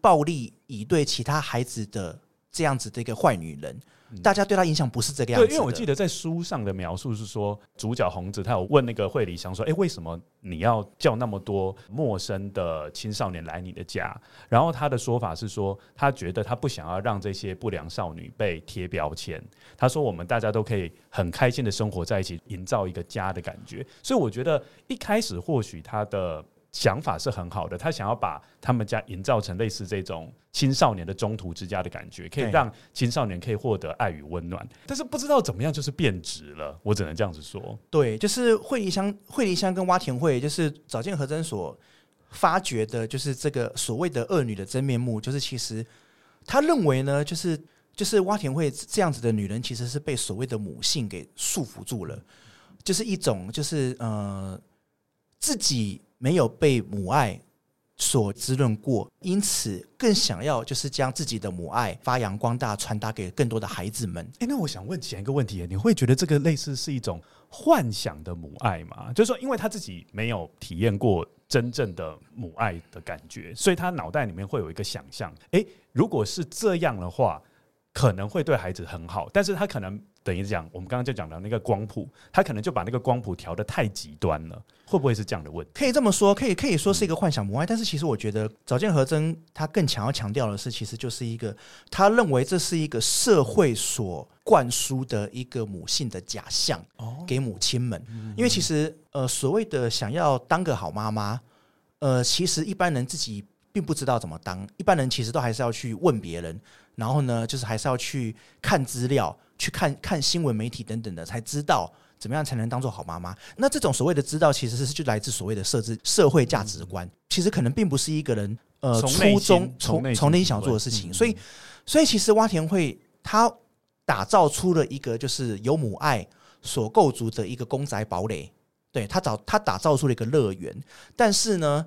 暴力以對其他孩子的。這樣子的一個壞女人，大家對她印象不是這個樣子的。對、嗯。因為我記得在書上的描述是說，主角紅子她有問那個惠梨香說：“誒、欸，為什麼你要叫那麼多陌生的青少年來你的家？”然後她的說法是說，她覺得她不想要讓這些不良少女被貼標籤。她說：“我們大家都可以很開心的生活在一起，營造一個家的感覺。”所以我覺得一開始或許她的。想法是很好的，他想要把他們家營造成類似這種青少年的中途之家的感覺，可以讓青少年可以獲得愛與溫暖。對但是不知道怎麼樣就是變質了，我只能這樣子說。對，就是惠梨香，惠梨香跟窪田惠，就是早見和真所發覺的，就是這個所謂的惡女的真面目，就是其實他認為呢，就是就是窪田惠這樣子的女人，其實是被所謂的母性給束縛住了，就是一種就是呃。自己沒有被母愛所滋潤過，因此更想要就是將自己的母愛發揚光大，傳達給更多的孩子們。誒、欸，那我想問前一個問題，你會覺得這個類似是一種幻想的母愛嗎？就是說，因為他自己沒有體驗過真正的母愛的感覺，所以他腦袋裡面會有一個想象。誒、欸，如果是這樣的話，可能會對孩子很好，但是他可能。等於講，我們剛剛就講到那個光譜，他可能就把那個光譜調得太極端了，會不會是這樣的問題？可以這麼說，可以可以說是一個幻想母愛、嗯、但是其實我覺得早見和真他更想要強調的是，其實就是一個他認為這是一個社會所灌輸的一個母性的假象、哦、給母親們，嗯、因為其實呃所謂的想要當個好媽媽，呃其實一般人自己並不知道怎麼當，一般人其實都還是要去問別人，然後呢就是還是要去看資料。去看看新聞媒體等等的，才知道怎麼樣才能當做好媽媽。那這種所謂的知道，其實是就來自所謂的設置社會價值觀，嗯、其實可能並不是一個人、嗯、呃初衷從從內想做的事情。嗯、所以，所以其實窪田惠他打造出了一個就是由母愛所構築的一個公宅堡壘，對他找他打造出了一個樂園。但是呢，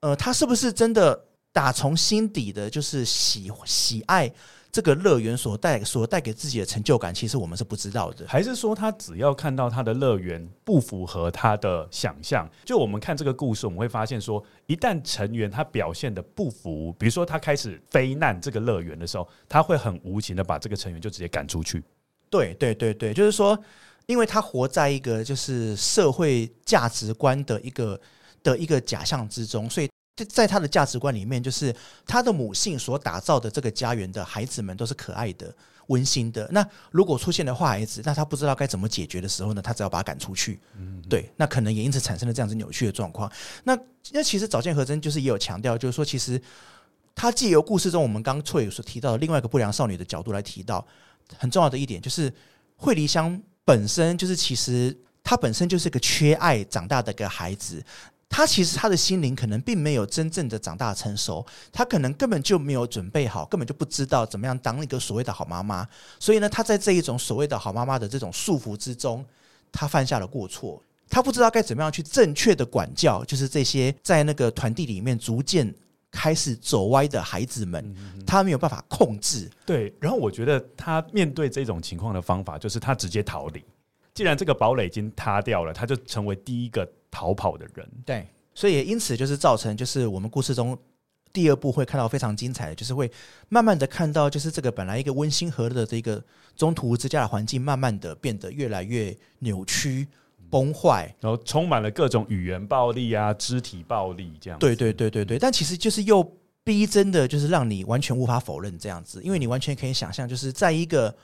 呃，他是不是真的打從心底的就是喜喜愛？這個樂園所帶所帶給自己的成就感，其實我們是不知道的。還是說他只要看到他的樂園不符合他的想象。就我們看這個故事，我們會發現說，一旦成員他表現得不符，比如說他開始非難這個樂園的時候，他會很無情地把這個成員就直接趕出去。對對對對，就是說，因為他活在一個就是社會價值觀的一個的一個假象之中，所以。在他的價值觀裡面，就是他的母性所打造的這個家園的孩子們都是可愛的、溫馨的。那如果出現了壞孩子，那他不知道該怎麼解決的時候呢？他只要把他趕出去，嗯、哼對，那可能也因此產生了這樣子扭曲的狀況。那那其實早見和真就是也有強調，就是說其實他借由故事中我們剛翠所提到的另外一個不良少女的角度來提到，很重要的一點就是惠梨香本身就是其實她本身就是一個缺愛長大的一個孩子。他其實他的心靈可能並沒有真正的長大成熟，他可能根本就沒有準備好，根本就不知道怎麼樣當一個所謂的好媽媽。所以呢，他在這一種所謂的好媽媽的這種束縛之中，他犯下了過錯。他不知道該怎麼樣去正確的管教，就是這些在那個團體裡面逐漸開始走歪的孩子們，他沒有辦法控制。對，然後我覺得他面對這種情況的方法就是他直接逃離。既然這個堡壘已經塌掉了，他就成為第一個。逃跑的人，對，所以也因此就是造成，就是我們故事中第二部會看到非常精彩的，就是會慢慢的看到，就是這個本來一個溫馨和樂的這個中途之家的環境，慢慢的變得越來越扭曲崩壞，嗯，然後充滿了各種語言暴力啊、肢體暴力這樣。對對對對對，但其實就是又逼真的，就是讓你完全無法否認這樣子，因為你完全可以想象，就是在一個。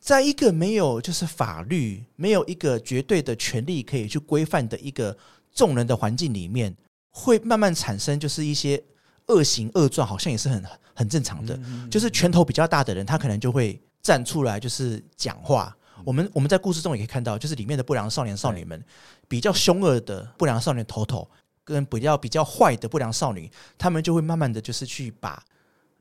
在一個沒有就是法律、沒有一個絕對的權利可以去規範的一個眾人的環境裡面，會慢慢產生就是一些惡形惡狀，好像也是很很正常的。嗯、就是拳頭比較大的人，他可能就會站出來就是講話。嗯、我們我們在故事中也可以看到，就是裡面的不良少年少女們、嗯、比較兇惡的不良少年頭頭，跟比較比較壞的不良少女，他們就會慢慢的就是去把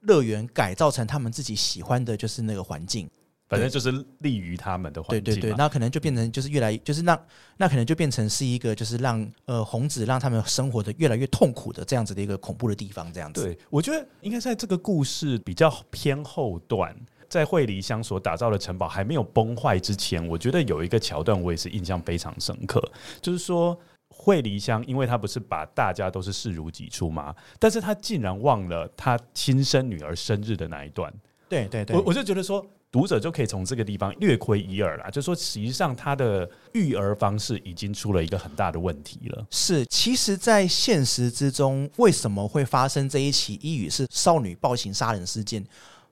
樂園改造成他們自己喜歡的就是那個環境。對反正就是利於他們的環境，對對對，那可能就變成就是越來越就是讓那可能就變成是一個就是讓呃紅子讓他們生活的越來越痛苦的這樣子的一個恐怖的地方，這樣子。對，我覺得應該在這個故事比較偏後段，在惠梨香所打造的城堡還沒有崩壞之前，我覺得有一個橋段我也是印象非常深刻，就是說惠梨香，因為她不是把大家都是視如己出嗎？但是她竟然忘了她親生女兒生日的那一段。對對對，我我就覺得說。讀者就可以從這個地方略窺一二啦，就說實際上他的育兒方式已經出了一個很大的問題了。是，其實，在現實之中，為什麼會發生這一起伊予市少女暴行殺人事件？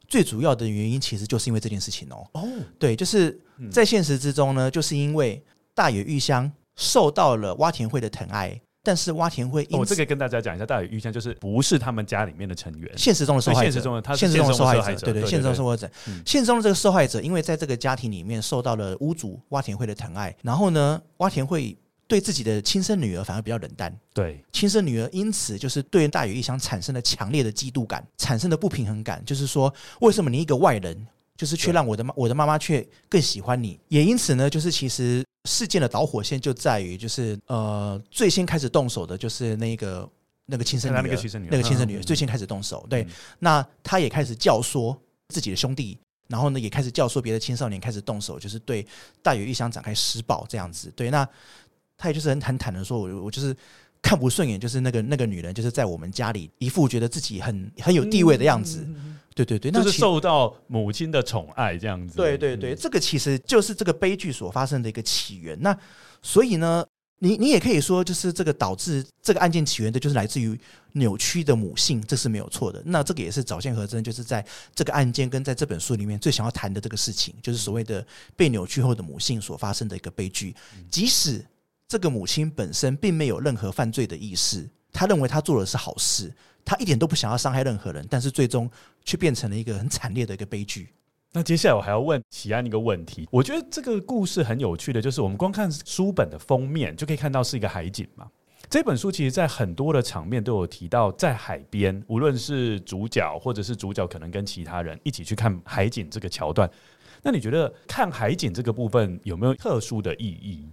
最主要的原因其實就是因為這件事情哦、喔。哦，oh, 對，就是在現實之中呢，嗯、就是因為大野裕香受到了窪田惠的疼愛。但是窪田惠因此，我、哦、這個跟大家講一下，大野裕香就是不是他們家裡面的成員，現實中的受害者。現實中的他，現實中的受害者，對對，現實中的受害者。現實中的這個受害者，因為在這個家庭裡面受到了屋主窪田惠的疼愛，然後呢，窪田惠對自己的親生女兒反而比較冷淡。對，親生女兒因此就是對大野裕香產生了強烈的嫉妒感，產生了不平衡感，就是說，為什麼你一個外人，就是卻讓我的對我的媽媽卻更喜歡你？也因此呢，就是其實。事件的導火線就在於，就是呃，最先開始動手的就是那個那個親生女兒，那個親生女兒最先開始動手。對，嗯、那她也開始教唆自己的兄弟，然後呢，也開始教唆別的青少年開始動手，就是對大野裕香展開施暴這樣子。對，那她也就是很坦坦的說，我我就是看不順眼，就是那個那個女人，就是在我們家裡一副覺得自己很很有地位的樣子。嗯嗯對對對，就是受到母親的寵愛這樣子。對對對，嗯、這個其實就是這個悲劇所發生的一個起源。那所以呢，你你也可以說，就是這個導致這個案件起源的，就是來自於扭曲的母性，這是沒有錯的。那這個也是早見和真，就是在這個案件跟在這本書裡面最想要談的這個事情，就是所謂的被扭曲後的母性所發生的一個悲劇。即使這個母親本身並沒有任何犯罪的意識，她認為她做的是好事。他一點都不想要傷害任何人，但是最終卻變成了一個很慘烈的一個悲劇。那接下來我還要問齊安一個問題。我覺得這個故事很有趣的就是，我們光看書本的封面就可以看到是一個海景嘛。這本書其實在很多的場面都有提到在海邊，無論是主角或者是主角可能跟其他人一起去看海景這個橋段。那你覺得看海景這個部分有沒有特殊的意義？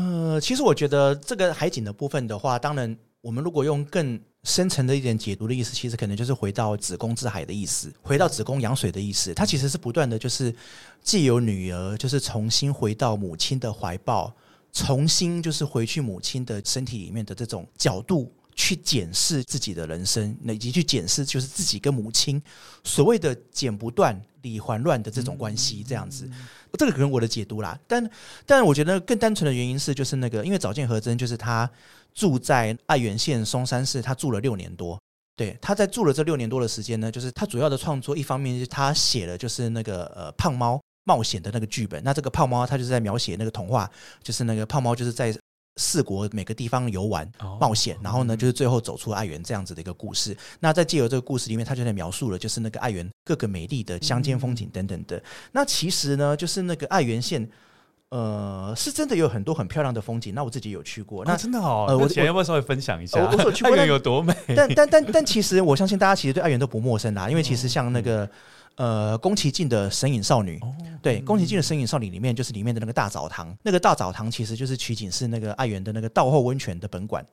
呃，其實我覺得這個海景的部分的話，當然。我們如果用更深層的一點解讀的意思，其實可能就是回到子宮之海的意思，回到子宮羊水的意思。它其實是不斷的，就是藉由女兒，就是重新回到母親的懷抱，重新就是回去母親的身體裡面的這種角度去檢視自己的人生，以及去檢視就是自己跟母親所謂的剪不斷理還亂的這種關係。這樣子，嗯嗯嗯嗯，這個可能我的解讀啦。但但我覺得更單純的原因是，就是那個因為早見和真就是他。住在愛媛縣松山市，他住了六年多。對，他在住了這六年多的時間呢，就是他主要的創作，一方面就是他寫了就是那個呃胖貓冒險的那個劇本。那這個胖貓，他就是在描寫那個童話，就是那個胖貓就是在四國每個地方遊玩、哦、冒險，然後呢，嗯、就是最後走出愛媛這樣子的一個故事。那在借由這個故事裡面，他就在描述了就是那個愛媛各個美麗的鄉間風景等等的。嗯、那其實呢，就是那個愛媛縣。呃，是真的有很多很漂亮的風景，那我自己有去過，那、啊、真的好、哦呃。我我要不要稍微分享一下？我說有去過，愛媛有多美？但但但但其實，我相信大家其實對愛媛都不陌生啦， 因為其實像那個。呃，宮崎駿的《神隱少女》哦、對宮、嗯、崎駿的《神隱少女》裡面，就是裡面的那個大澡堂，那個大澡堂其實就是取景是那個愛媛的那個道後溫泉的本館，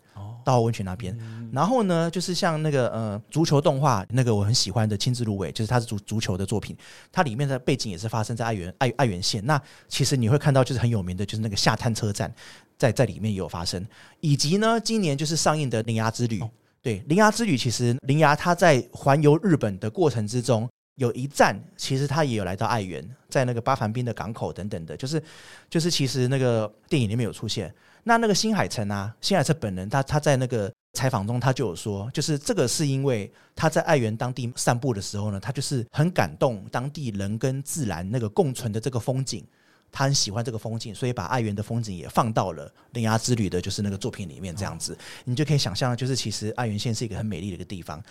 道、哦、後溫泉那邊。嗯、然後呢，就是像那個呃足球動畫，那個我很喜歡的《青之蘆葦》，就是它是足足球的作品，它裡面的背景也是發生在愛媛愛愛媛縣。那其實你會看到，就是很有名的，就是那個下灘車站，在在裡面也有發生。以及呢，今年就是上映的《鈴芽之旅》哦。對《鈴芽之旅》，其實鈴芽它在環遊日本的過程之中。有一站，其實他也有來到愛媛，在那個八幡濱的港口等等的，就是，就是其實那個電影裡面有出現。那那個新海誠啊，新海誠本人他，他他在那個採訪中，他就有說，就是這個是因為他在愛媛當地散步的時候呢，他就是很感動當地人跟自然那個共存的這個風景。他很喜歡這個風景，所以把愛媛的風景也放到了鈴芽之旅的，就是那個作品裡面這樣子，哦、你就可以想象，就是其實愛媛縣是一個很美麗的一個地方。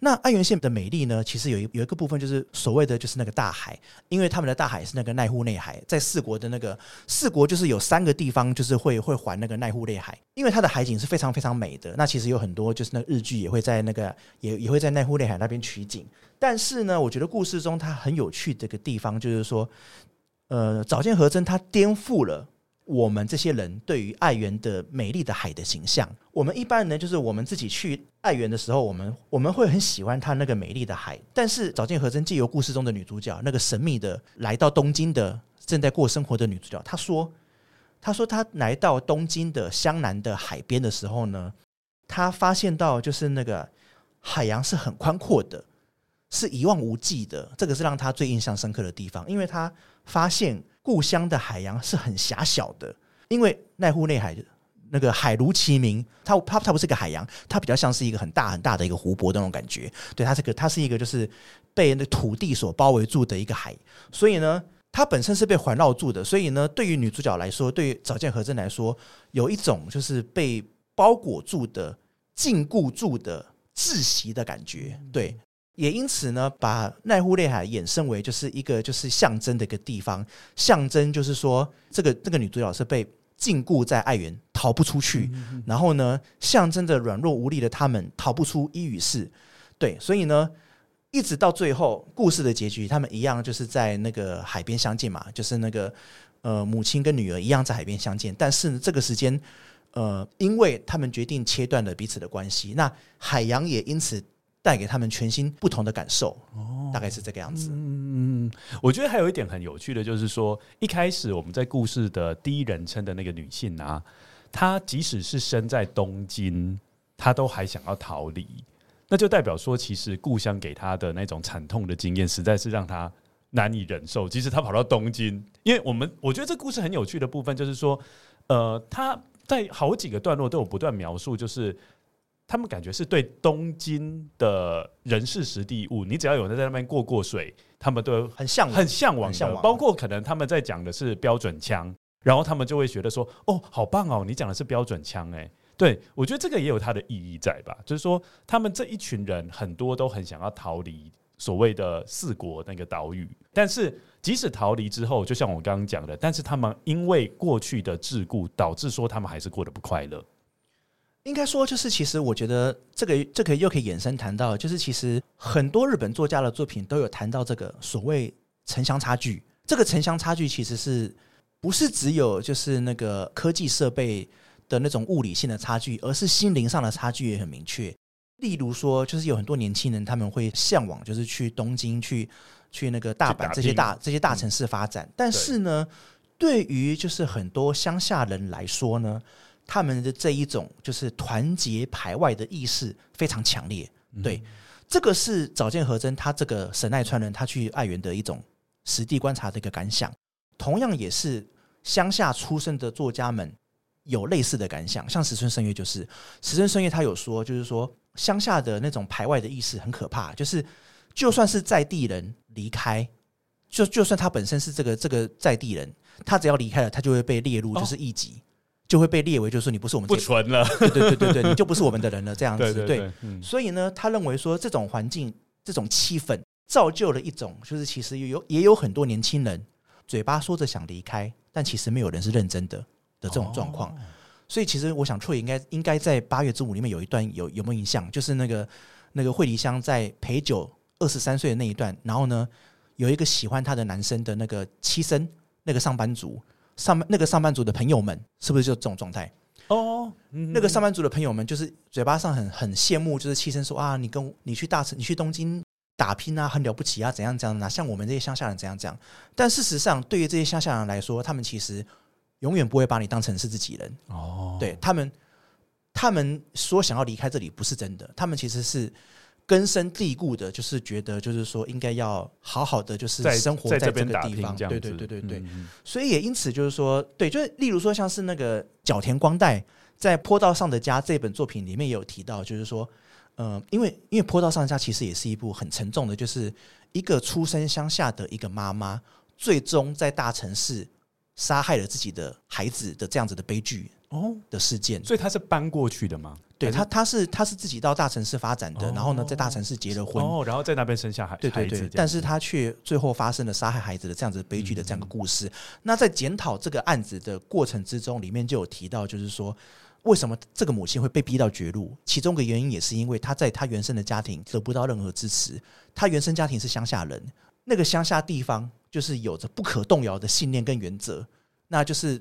那愛媛縣的美麗呢，其實有一有一個部分就是所謂的就是那個大海，因為他們的大海是那個瀨戶內海，在四國的那個四國就是有三個地方就是會會環那個瀨戶內海，因為它的海景是非常非常美的。那其實有很多就是那日劇也會在那個也也會在瀨戶內海那邊取景，但是呢，我覺得故事中它很有趣的一個地方就是說，呃，早見和真他顛覆了我們這些人對於愛媛的美麗的海的形象。我們一般人呢，就是我們自己去愛媛的時候，我們我們會很喜歡他那個美麗的海。但是早見和真借由故事中的女主角，那個神秘的來到東京的正在過生活的女主角，她說：“她說她來到東京的湘南的海邊的時候呢，她發現到就是那個海洋是很寬闊的，是一望無際的。這個是讓她最印象深刻的地方，因為她。”發現故鄉的海洋是很狹小的，因為瀨戶內海那個海如其名，它它它不是個海洋，它比較像是一個很大很大的一個湖泊的那種感覺。對，它是、這個它是一個就是被那土地所包圍住的一個海，所以呢，它本身是被環繞住的。所以呢，對於女主角來說，對於早見和真來說，有一種就是被包裹住的、禁錮住的、窒息的感覺。對。也因此呢，把瀨戶內海衍生為就是一個就是象徵的一個地方，象徵就是說這個這個女主角是被禁錮在愛媛，逃不出去。嗯嗯嗯然後呢，象徵着軟弱無力的他們逃不出伊予市。對，所以呢，一直到最後故事的結局，他們一樣就是在那個海邊相見嘛，就是那個呃母親跟女兒一樣在海邊相見。但是呢這個時間，呃，因為他們決定切斷了彼此的關係，那海洋也因此。帶給他們全新不同的感受，大概是這個樣子，哦。嗯，我覺得還有一點很有趣的就是說，一開始我們在故事的第一人稱的那個女性啊，她即使是身在東京，她都還想要逃離，那就代表說，其實故鄉給她的那種慘痛的經驗，實在是讓她難以忍受。即使她跑到東京，因為我們我覺得這故事很有趣的部分就是說，呃，她在好幾個段落都有不斷描述，就是。他們感覺是對東京的人、事、時、地、物，你只要有人在那邊過過水，他們都很向往、很向往、向往。包括可能他們在講的是標準腔，然後他們就會覺得說：“哦，好棒哦，你講的是標準腔。”哎，對，我覺得這個也有它的意義在吧？就是說，他們這一群人很多都很想要逃離所謂的四國那個島嶼，但是即使逃離之後，就像我剛剛講的，但是他們因為過去的桎梏，導致說他們還是過得不快樂。應該說，就是其實我覺得這個這個又可以衍生談到，就是其實很多日本作家的作品都有談到這個所謂城鄉差距。這個城鄉差距其實是不是只有就是那個科技設備的那種物理性的差距，而是心靈上的差距也很明確。例如說，就是有很多年輕人他們會嚮往就是去東京、去去那個大阪這些大這些大城市發展，嗯、但是呢，對於就是很多鄉下人來說呢。他們的這一種就是團結排外的意識非常強烈，對、嗯、這個是早見和真他這個神奈川人他去愛媛的一種實地觀察的一個感想，同樣也是鄉下出生的作家們有類似的感想，像辻村深月，就是辻村深月，他有說就是說鄉下的那種排外的意識很可怕，就是就算是在地人離開，就就算他本身是這個這個在地人，他只要離開了，他就會被列入就是異己。哦就會被列為，就是說你不是我們不純了，對對對對，你就不是我們的人了這樣子，對，所以呢，他認為說，這種環境、這種氣氛造就了一種，就是其實有也有很多年輕人嘴巴說着想離開，但其實沒有人是認真的的這種狀況。所以其實我想，翠應該應該在八月之母裡面有一段有，有沒有印象？就是那個那個惠梨香在陪酒二十三歲的那一段，然後呢，有一個喜歡他的男生的那個妻身那個上班族。上班那個上班族的朋友們，是不是就這種狀態？哦、oh, mm，hmm. 那個上班族的朋友們，就是嘴巴上很很羨慕，就是氣聲說啊，你跟你去大城你去東京打拼啊，很了不起啊，怎樣怎樣、啊？哪像我們這些鄉下人怎樣怎樣，但事實上，對於這些鄉下人來說，他們其實永遠不會把你當成是自己人。哦、oh.，對他們，他們說想要離開這裡不是真的，他們其實是。根深蒂固的，就是覺得，就是說，應該要好好的，就是生活在這邊的地方，對對對對對，嗯嗯，所以也因此，就是說，對，就是例如說，像是那個角田光代在《坡道上的家》這本作品裡面也有提到，就是說，嗯、呃，因為因為《坡道上的家》其實也是一部很沉重的，就是一個出生鄉下的一個媽媽，最終在大城市殺害了自己的孩子的這樣子的悲劇。哦，的事件，所以他是搬過去的嗎？對他，他是他是自己到大城市發展的，哦，然後呢，在大城市結了婚，哦，然後在那邊生下孩子。對，對，對，對。但是他卻最後發生了殺害孩子的這樣子悲劇的這樣的故事。嗯嗯。那在檢討這個案子的過程之中，裡面就有提到，就是說為什麼這個母親會被逼到絕路？其中一個原因也是因為他在他原生的家庭得不到任何支持，他原生家庭是鄉下人，那個鄉下地方就是有着不可動搖的信念跟原則，那就是。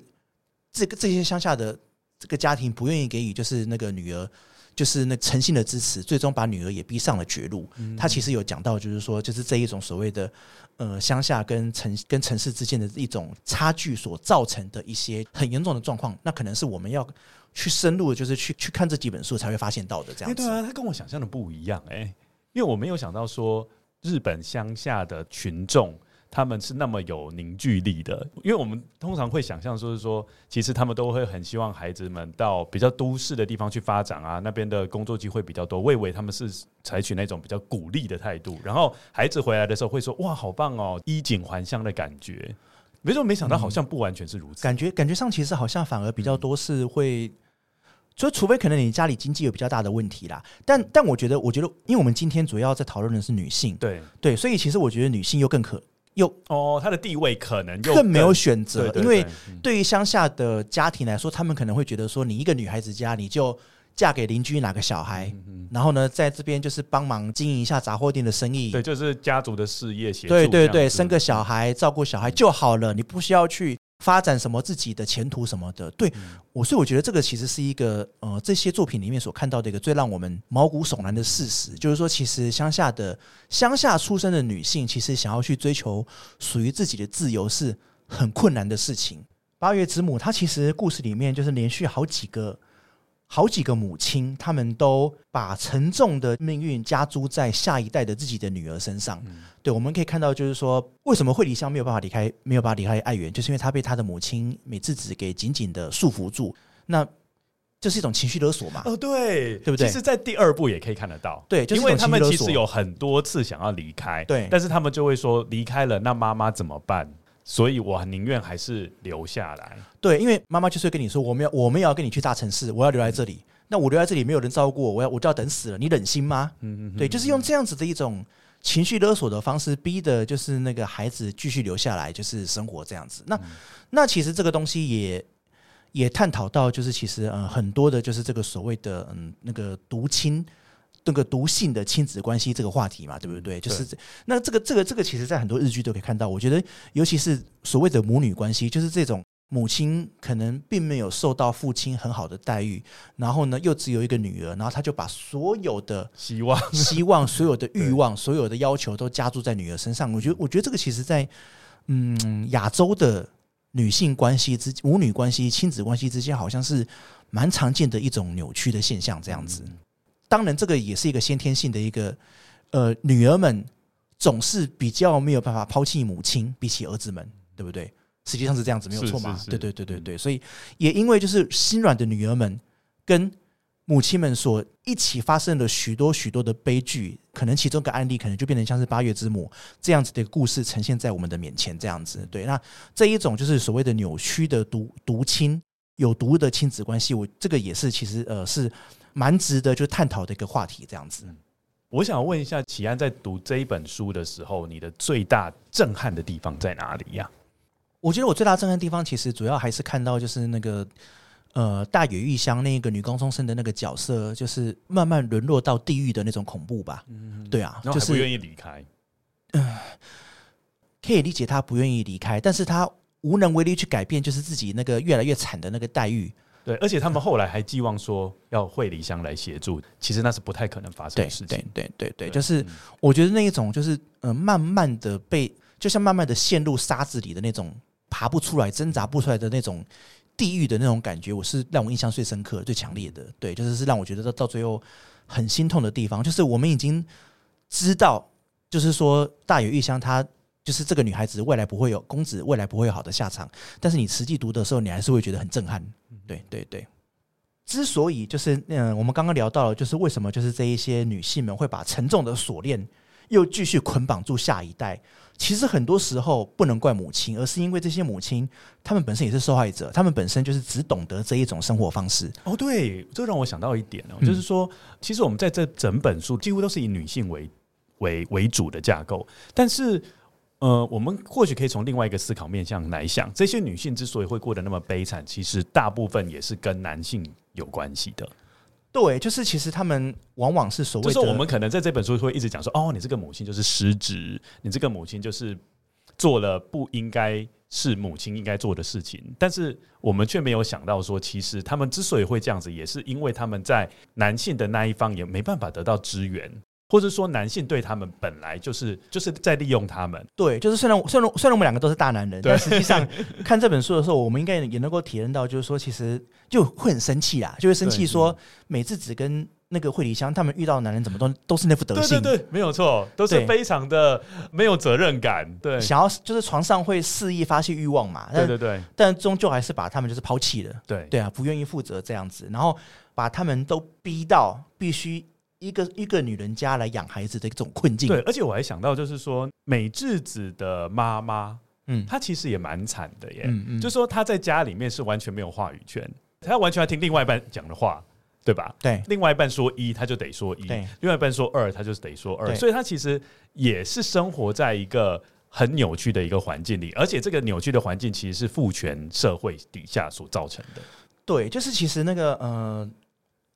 這個這些鄉下的這個家庭不願意給予，就是那個女兒，就是那誠信的支持，最終把女兒也逼上了絕路。他其實有講到，就是說，就是這一種所謂的，呃，鄉下跟城跟城市之間的一種差距所造成的一些很嚴重的狀況。那可能是我們要去深入，就是去去看這幾本書才會發現到的。這樣子，哎，對啊，他跟我想象的不一樣，哎，因為我沒有想到說日本鄉下的群眾。他們是那麼有凝聚力的，因為我們通常會想象說是說，其實他們都會很希望孩子們到比較都市的地方去發展啊，那邊的工作機會比較多。我以為他們是採取那種比較鼓勵的態度，然後孩子回來的時候會說：“哇，好棒哦，喔，衣錦還鄉的感覺。”沒說沒想到，好像不完全是如此。嗯、感覺感覺上其實好像反而比較多是會，嗯、就除非可能你家裡經濟有比較大的問題啦。但但我覺得，我覺得，因為我們今天主要在討論的是女性，對對，所以其實我覺得女性又更可。又哦，他的地位可能更沒有選擇，因為對於鄉下的家庭來說，他們可能會覺得說，你一個女孩子家，你就嫁給鄰居哪個小孩，然後呢，在這邊就是幫忙經營一下雜貨店的生意，對，就是家族的事業協助。對對對，生個小孩，照顧小孩就好了，你不需要去。發展什麼自己的前途什麼的，對，我，嗯、所以我覺得這個其實是一個呃，這些作品裡面所看到的一個最讓我們毛骨悚然的事實，就是說，其實鄉下的鄉下出生的女性，其實想要去追求屬於自己的自由是很困難的事情。八月之母，她其實故事裡面就是連續好幾個。好幾個母親，他們都把沉重的命運加諸在下一代的自己的女兒身上。嗯、對，我們可以看到，就是說，為什麼惠梨香沒有辦法離開，沒有辦法離開愛媛，就是因為他被他的母親美智子給緊緊的束縛住。那這是一種情緒勒索嘛？哦，對，對不對？其實，在第二部也可以看得到，對，就是、因為他們其實有很多次想要離開，對，但是他們就會說離開了，那媽媽怎麼辦？所以我寧願還是留下來。對，因為媽媽就是跟你說，我沒有，我沒有要跟你去大城市，我要留在這裡。嗯、那我留在這裡沒有人照顧我，我要，我就要等死了。你忍心嗎？嗯，嗯嗯。對，就是用這樣子的一種情緒勒索的方式，逼的就是那個孩子繼續留下來，就是生活這樣子。那、嗯、那其實這個東西也也探討到，就是其實嗯很多的，就是這個所謂的嗯那個毒親。這個毒性的親子關係這個話題嘛，對不對？就是對那這個這個這個，這個、其實，在很多日劇都可以看到。我覺得，尤其是所謂的母女關係，就是這種母親可能並沒有受到父親很好的待遇，然後呢，又只有一個女兒，然後她就把所有的希望、 希望、所有的欲望、所有的要求都加注在女兒身上。我覺得，我覺得這個其實在，在嗯亞洲的女性關係之母女關係、親子關係之間，好像是蠻常見的一種扭曲的現象，這樣子。嗯當然，這個也是一個先天性的一個，呃，女兒們總是比較沒有辦法拋棄母親，比起兒子們，對不對？實際上是這樣子，沒有錯嘛？對對對對對，對，所以也因為就是心軟的女兒們跟母親們所一起發生了許多許多的悲劇，可能其中一個案例可能就變成像是八月之母這樣子的故事呈現在我們的面前，這樣子。對，那這一種就是所謂的扭曲的毒毒親，有毒的親子關係，我這個也是其實呃是。蠻值得就探討的一個話題，這樣子。我想問一下，齊安在讀這一本書的時候，你的最大震撼的地方在哪裡呀？我覺得我最大震撼的地方，其實主要還是看到就是那個呃大野裕香那個女高中生的那個角色，就是慢慢淪落到地獄的那種恐怖吧。對啊，就是不願意離開。可以理解他不願意離開，但是他無能為力去改變，就是自己那個越來越慘的那個待遇。對，而且他們後來還寄望說要惠里香來協助，其實那是不太可能發生的事情。對，對，對，對，對，對，對，對，就是我覺得那一種就是，嗯、呃，慢慢的被，就像慢慢的陷入沙子裡的那種，爬不出來、掙扎不出來的那種地獄的那種感覺，我是讓我印象最深刻、最強烈的。對，就是是讓我覺得到最後很心痛的地方，就是我們已經知道，就是說大野裕香他。就是這個女孩子未來不會有公子，未來不會有好的下場。但是你實際讀的時候，你還是會覺得很震撼。對對對，之所以就是嗯、呃，我們剛剛聊到了，就是為什麼就是這一些女性們會把沉重的鎖鏈又繼續捆綁住下一代。其實很多時候不能怪母親，而是因為這些母親她們本身也是受害者，她們本身就是只懂得這一種生活方式。哦，對，這讓我想到一點哦，嗯、就是說，其實我們在這整本書幾乎都是以女性為為為主的架構，但是。呃，我們或許可以從另外一個思考面向來想，這些女性之所以會過得那麼悲慘，其實大部分也是跟男性有關係的。對，就是其實他們往往是所謂的，所以我們可能在這本書會一直講說，哦，你這個母親就是失職，你這個母親就是做了不應該是母親應該做的事情，但是我們卻沒有想到說，其實他們之所以會這樣子，也是因為他們在男性的那一方也沒辦法得到支援。或者說，男性對他們本來就是就是在利用他們。對，就是雖然雖然雖然我們兩個都是大男人，對但實際上 看這本書的時候，我們應該也能夠體認到，就是說其實就會很生氣啦，就會生氣說，每次只跟那個惠理香他們遇到的男人，怎麼都都是那副德行。對對對，沒有錯，都是非常的沒有責任感，對，對對想要就是床上會肆意發洩慾望嘛。對對對，但終究還是把他們就是拋棄了。對對啊，不願意負責這樣子，然後把他們都逼到必須。一個一個女人家來養孩子的一種困境。對，而且我還想到，就是說美智子的媽媽，嗯，她其實也蠻慘的耶。嗯嗯，嗯就是說她在家裡面是完全沒有話語權，她完全要聽另外一半講的話，對吧？對，另外一半說一，她就得說一，對，另外一半說二，她就是得說二。對，所以她其實也是生活在一個很扭曲的一個環境裡，而且這個扭曲的環境其實是父權社會底下所造成的。對，就是其實那個，嗯、呃。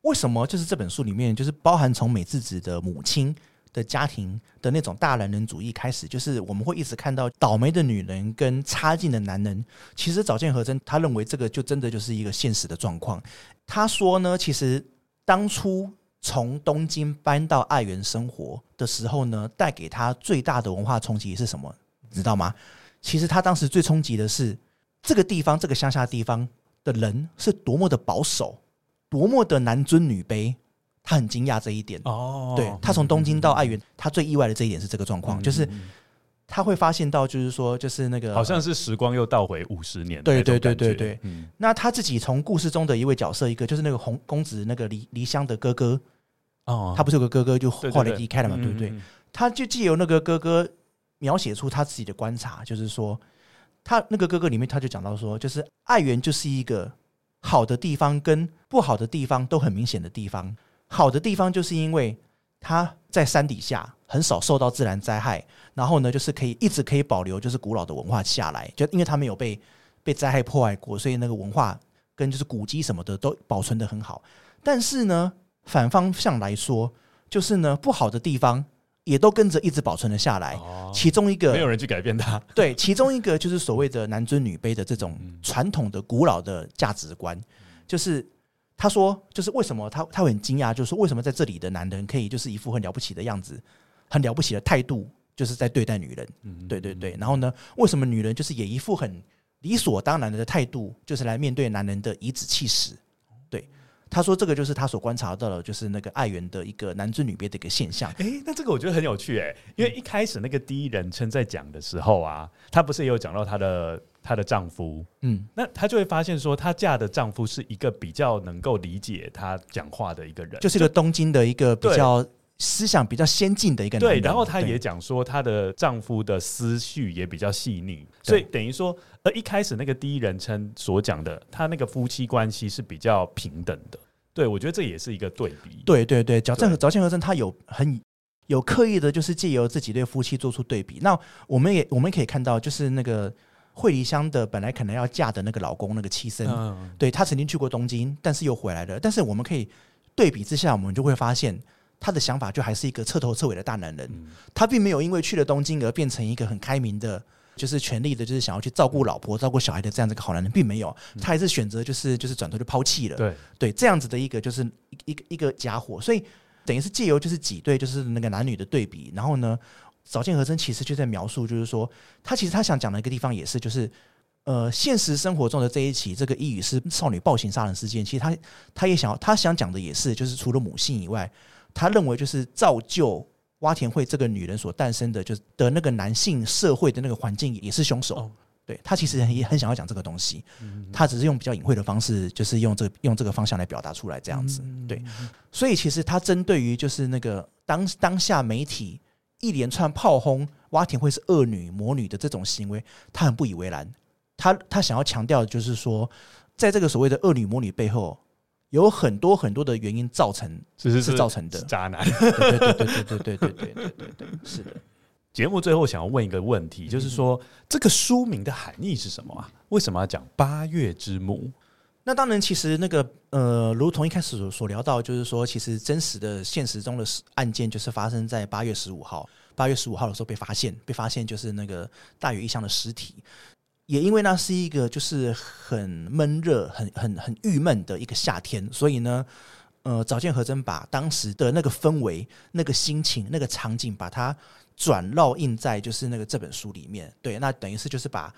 為什麼就是這本書裡面就是包含從美智子的母親的家庭的那種大男人主義開始，就是我們會一直看到倒霉的女人跟差勁的男人。其實早見和真他認為這個就真的就是一個現實的狀況。他說呢，其實當初從東京搬到愛媛生活的時候呢，帶給他最大的文化衝擊是什麼？你知道嗎？其實他當時最衝擊的是這個地方，這個鄉下地方的人是多麼的保守。多麼的男尊女卑，他很驚訝這一點哦。對，他從東京到愛媛，他最意外的這一點是這個狀況，就是他會發現到，就是說，就是那個好像是時光又倒回五十年，對對對對對。那他自己從故事中的一位角色，一個就是那個紅公子，那個離離鄉的哥哥哦，他不是有個哥哥就後來離開了嘛，對不對？他就借由那個哥哥描寫出他自己的觀察，就是說，他那個哥哥裡面他就講到說，就是愛媛就是一個好的地方跟不好的地方都很明顯的地方，好的地方就是因為它在山底下，很少受到自然災害，然後呢，就是可以一直可以保留，就是古老的文化下來，就因為它沒有被被災害破壞過，所以那個文化跟就是古蹟什麼的都保存得很好。但是呢，反方向來說，就是呢，不好的地方也都跟着一直保存了下來。哦、其中一個沒有人去改變它， 對，其中一個就是所謂的男尊女卑的這種傳統的古老的價值觀，嗯、就是。他說，就是為什麼他他很驚訝，就是說為什麼在這裡的男人可以就是一副很了不起的樣子，很了不起的態度，就是在對待女人。嗯，對對對。然後呢，為什麼女人就是也一副很理所當然的態度，就是來面對男人的頤指氣使？對，他說這個就是他所觀察到的，就是那個愛媛的一個男尊女卑的一個現象。欸，那這個我覺得很有趣欸，因為一開始那個第一人稱在講的時候啊，他不是也有講到他的。她的丈夫，嗯，那她就會發現說，她嫁的丈夫是一個比較能夠理解她講話的一個人，就是一個東京的一個比較，對比較思想比較先進的一個男人。對，然後她也講說，她的丈夫的思緒也比較細膩，對所以等於說，呃，一開始那個第一人稱所講的，她那個夫妻關係是比較平等的。對，我覺得這也是一個對比。對對對，早見和真他有很有刻意的，就是借由自己對夫妻做出對比。那我們也我們可以看到，就是那個。惠梨香的本來可能要嫁的那個老公，那個妻生，嗯嗯嗯，對他曾經去過東京，但是又回來了。但是我們可以對比之下，我們就會發現他的想法就還是一個徹頭徹尾的大男人。嗯、他並沒有因為去了東京而變成一個很開明的，就是全力的，就是想要去照顧老婆、照顧小孩的這樣子一個好男人，並沒有。他還是選擇就是就是轉頭就拋棄了。對、嗯嗯、對，這樣子的一個就是一一個一個家伙。所以等於是借由就是擠兌，就是那個男女的對比，然後呢，《早見和真》其實就在描述，就是說他其實他想講的一個地方也是，就是呃現實生活中的這一起這個伊予市少女暴行殺人事件，其實他他也想要他想講的也是，就是除了母性以外，他認為就是造就窪田惠這個女人所誕生的，就是的那個男性社會的那個環境也是兇手。Oh. 對他其實也很想要講這個東西，他只是用比較隱晦的方式，就是用這用這個方向來表達出來這樣子。Mm-hmm. 對，所以其實他針對於就是那個當當下媒體。一連串炮轟窪田惠是惡女魔女的這種行為，他很不以為然。他他想要強調的就是說，在這個所謂的惡女魔女背後，有很多很多的原因造成是是,是,是造成的渣男，對 對對對對對對對對對，是的。節目最後想要問一個問題， 就是說這個書名的含義是什麼啊？為什麼要講八月之母？那當然，其實那個呃，如同一開始所，所聊到，就是說，其實真實的現實中的事案件就是發生在八月十五號。八月十五號的時候被發現，被發現就是那個大野裕香的屍體。也因為那是一個就是很悶熱、很很很鬱悶的一個夏天，所以呢，呃，早見和真把當時的那個氛圍、那個心情、那個場景，把它轉烙印在就是那個這本書裡面。對，那等於是就是把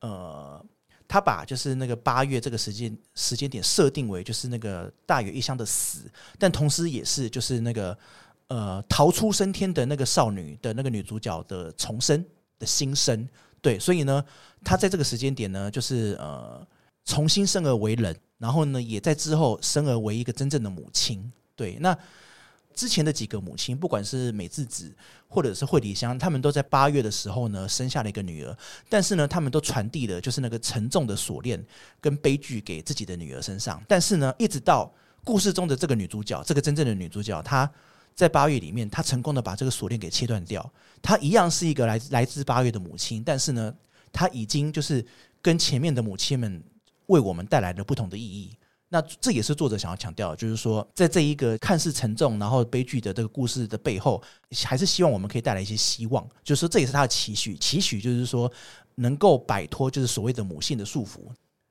呃。他把就是那個八月這個時間時間點設定為就是那個大野裕香的死，但同時也是就是那個呃逃出生天的那個少女的那個女主角的重生的新生。對，所以呢，她在這個時間點呢，就是呃重新生而為人，然後呢也在之後生而為一個真正的母親。對，那。之前的幾個母親，不管是美智子或者是惠理香，他們都在八月的時候呢，生下了一個女兒。但是呢，他們都傳遞的就是那個沉重的鎖鏈跟悲劇給自己的女兒身上。但是呢，一直到故事中的這個女主角，這個真正的女主角，她在八月裡面，她成功的把這個鎖鏈給切斷掉。她一樣是一個來來自八月的母親，但是呢，她已經就是跟前面的母親們為我們帶來了不同的意義。那這也是作者想要強調，就是說，在這一個看似沉重然後悲劇的這個故事的背後，還是希望我們可以帶來一些希望，就是說這也是他的期許。期許就是說，能夠擺脫就是所謂的母性的束縛。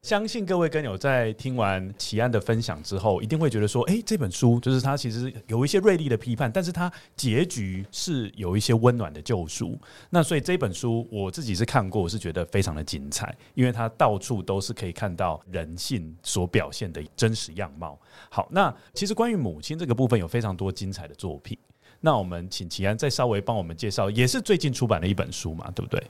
相信各位根友在聽完齊安的分享之後，一定會覺得說，哎、欸，這本書就是它，其實有一些銳利的批判，但是它結局是有一些溫暖的救贖。那所以這本書我自己是看過，我是覺得非常的精彩，因為它到處都是可以看到人性所表現的真實樣貌。好，那其實關於母親這個部分，有非常多精彩的作品。那我們請齊安再稍微幫我們介紹，也是最近出版的一本書嘛，對不對？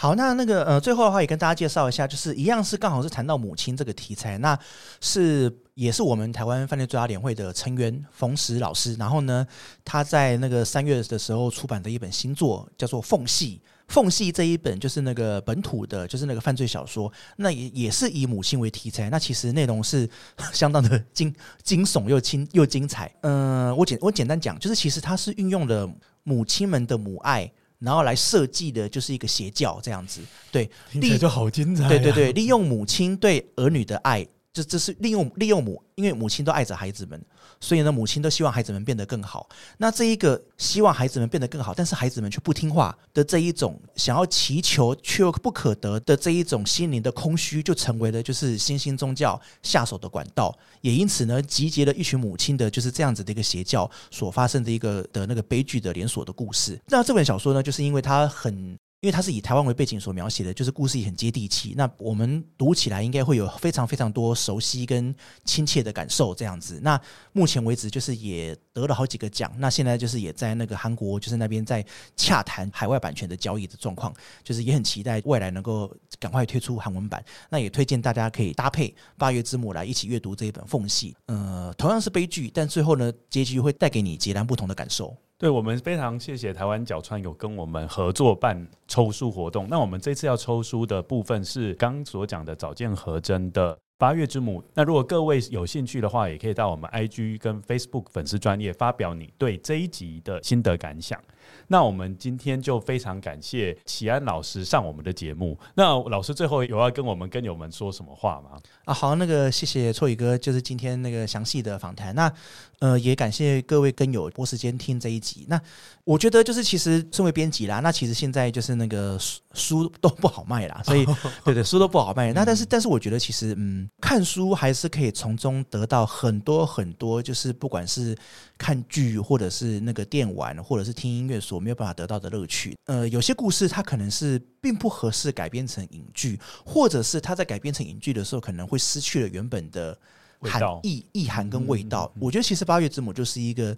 好，那那個呃，最後的話也跟大家介紹一下，就是一樣是剛好是談到母親這個題材，那是也是我們台灣犯罪作家聯會的成員馮石老師，然後呢，他在那個三月的時候出版的一本新作，叫做《縫隙》，《縫隙》這一本就是那個本土的，就是那個犯罪小說，那也也是以母親為題材，那其實內容是相當的驚驚悚又輕又精彩。嗯、呃，我簡我簡單講，就是其實他是運用了母親們的母愛。然後來設計的，就是一個邪教這樣子，對，聽起來就好精彩啊，利，對對對，利用母親對兒女的愛，這這是利用利用母，因為母親都愛着孩子們。所以呢，母親都希望孩子們變得更好。那這一個希望孩子們變得更好，但是孩子們卻不聽話的這一種，想要祈求卻又不可得的這一種心靈的空虛，就成為了就是新興宗教下手的管道。也因此呢，集結了一群母親的就是這樣子的一個邪教所發生的一個的那個悲劇的連鎖的故事。那這本小說呢，就是因為它很。因為它是以台灣為背景所描寫的，就是故事也很接地氣，那我們讀起來應該會有非常非常多熟悉跟親切的感受這樣子。那目前為止就是也得了好幾個獎，那現在就是也在那個韓國就是那邊在洽談海外版權的交易的狀況，就是也很期待未來能夠趕快推出韓文版。那也推薦大家可以搭配八月之母來一起閱讀這一本縫隙。呃，同樣是悲劇，但最後呢，結局會帶給你截然不同的感受。對，我們非常謝謝台灣角川有跟我們合作辦抽書活動。那我們這次要抽書的部分是剛所講的早見和真的《八月之母》。那如果各位有興趣的話，也可以到我們 IG 跟 Facebook 粉絲專頁發表你對這一集的心得感想。那我們今天就非常感謝齊安老師上我們的節目。那老師最後有要跟我們根友們說什麼話嗎？啊，好，那個謝謝錯宇哥，就是今天那個詳細的訪談。那呃，也感謝各位根友撥時間聽這一集。那我覺得就是，其實身為編輯啦，那其實現在就是那個書都不好賣啦。所以 對對，書都不好賣。 那但是但是，我覺得其實嗯，看書還是可以從中得到很多很多，就是不管是。看劇，或者是那個電玩，或者是聽音樂所沒有辦法得到的樂趣。呃，有些故事它可能是並不合適改編成影劇，或者是它在改編成影劇的時候，可能會失去了原本的含義、味道。意涵跟味道。嗯嗯嗯嗯我覺得其實《八月之母》就是一個，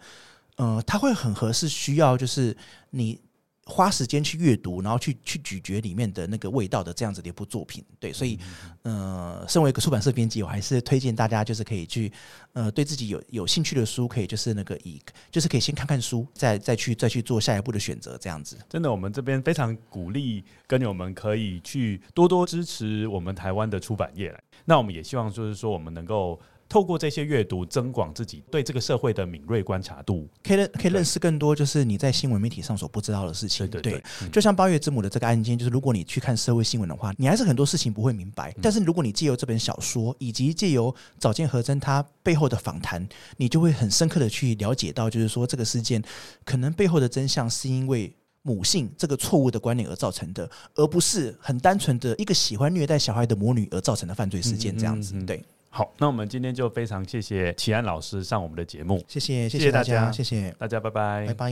呃，它會很合適，需要就是你。花時間去閱讀，然後去去咀嚼裡面的那個味道的這樣子的一部作品，對，所以，呃，身為一個出版社編輯，我還是推薦大家就是可以去，呃，對自己有有興趣的書，可以就是那個以，就是可以先看看書，再再去再去做下一步的選擇，這樣子。真的，我們這邊非常鼓勵，跟我們可以去多多支持我們台灣的出版業來。那我們也希望就是說，我們能夠。透過這些閱讀，增廣自己對這個社會的敏銳觀察度，可以可以認識更多，就是你在新聞媒體上所不知道的事情。對，對對，對嗯、就像八月之母的這個案件，就是如果你去看社會新聞的話，你還是很多事情不會明白。嗯、但是如果你借由這本小說，以及借由早見和真他背後的訪談，你就會很深刻的去了解到，就是說這個事件可能背後的真相是因為母性這個錯誤的觀念而造成的，而不是很單純的一個喜歡虐待小孩的母女而造成的犯罪事件這樣子。嗯嗯嗯嗯對。好，那我們今天就非常謝謝齊安老師上我們的節目，謝謝謝謝大家，謝謝大家，拜拜，拜拜。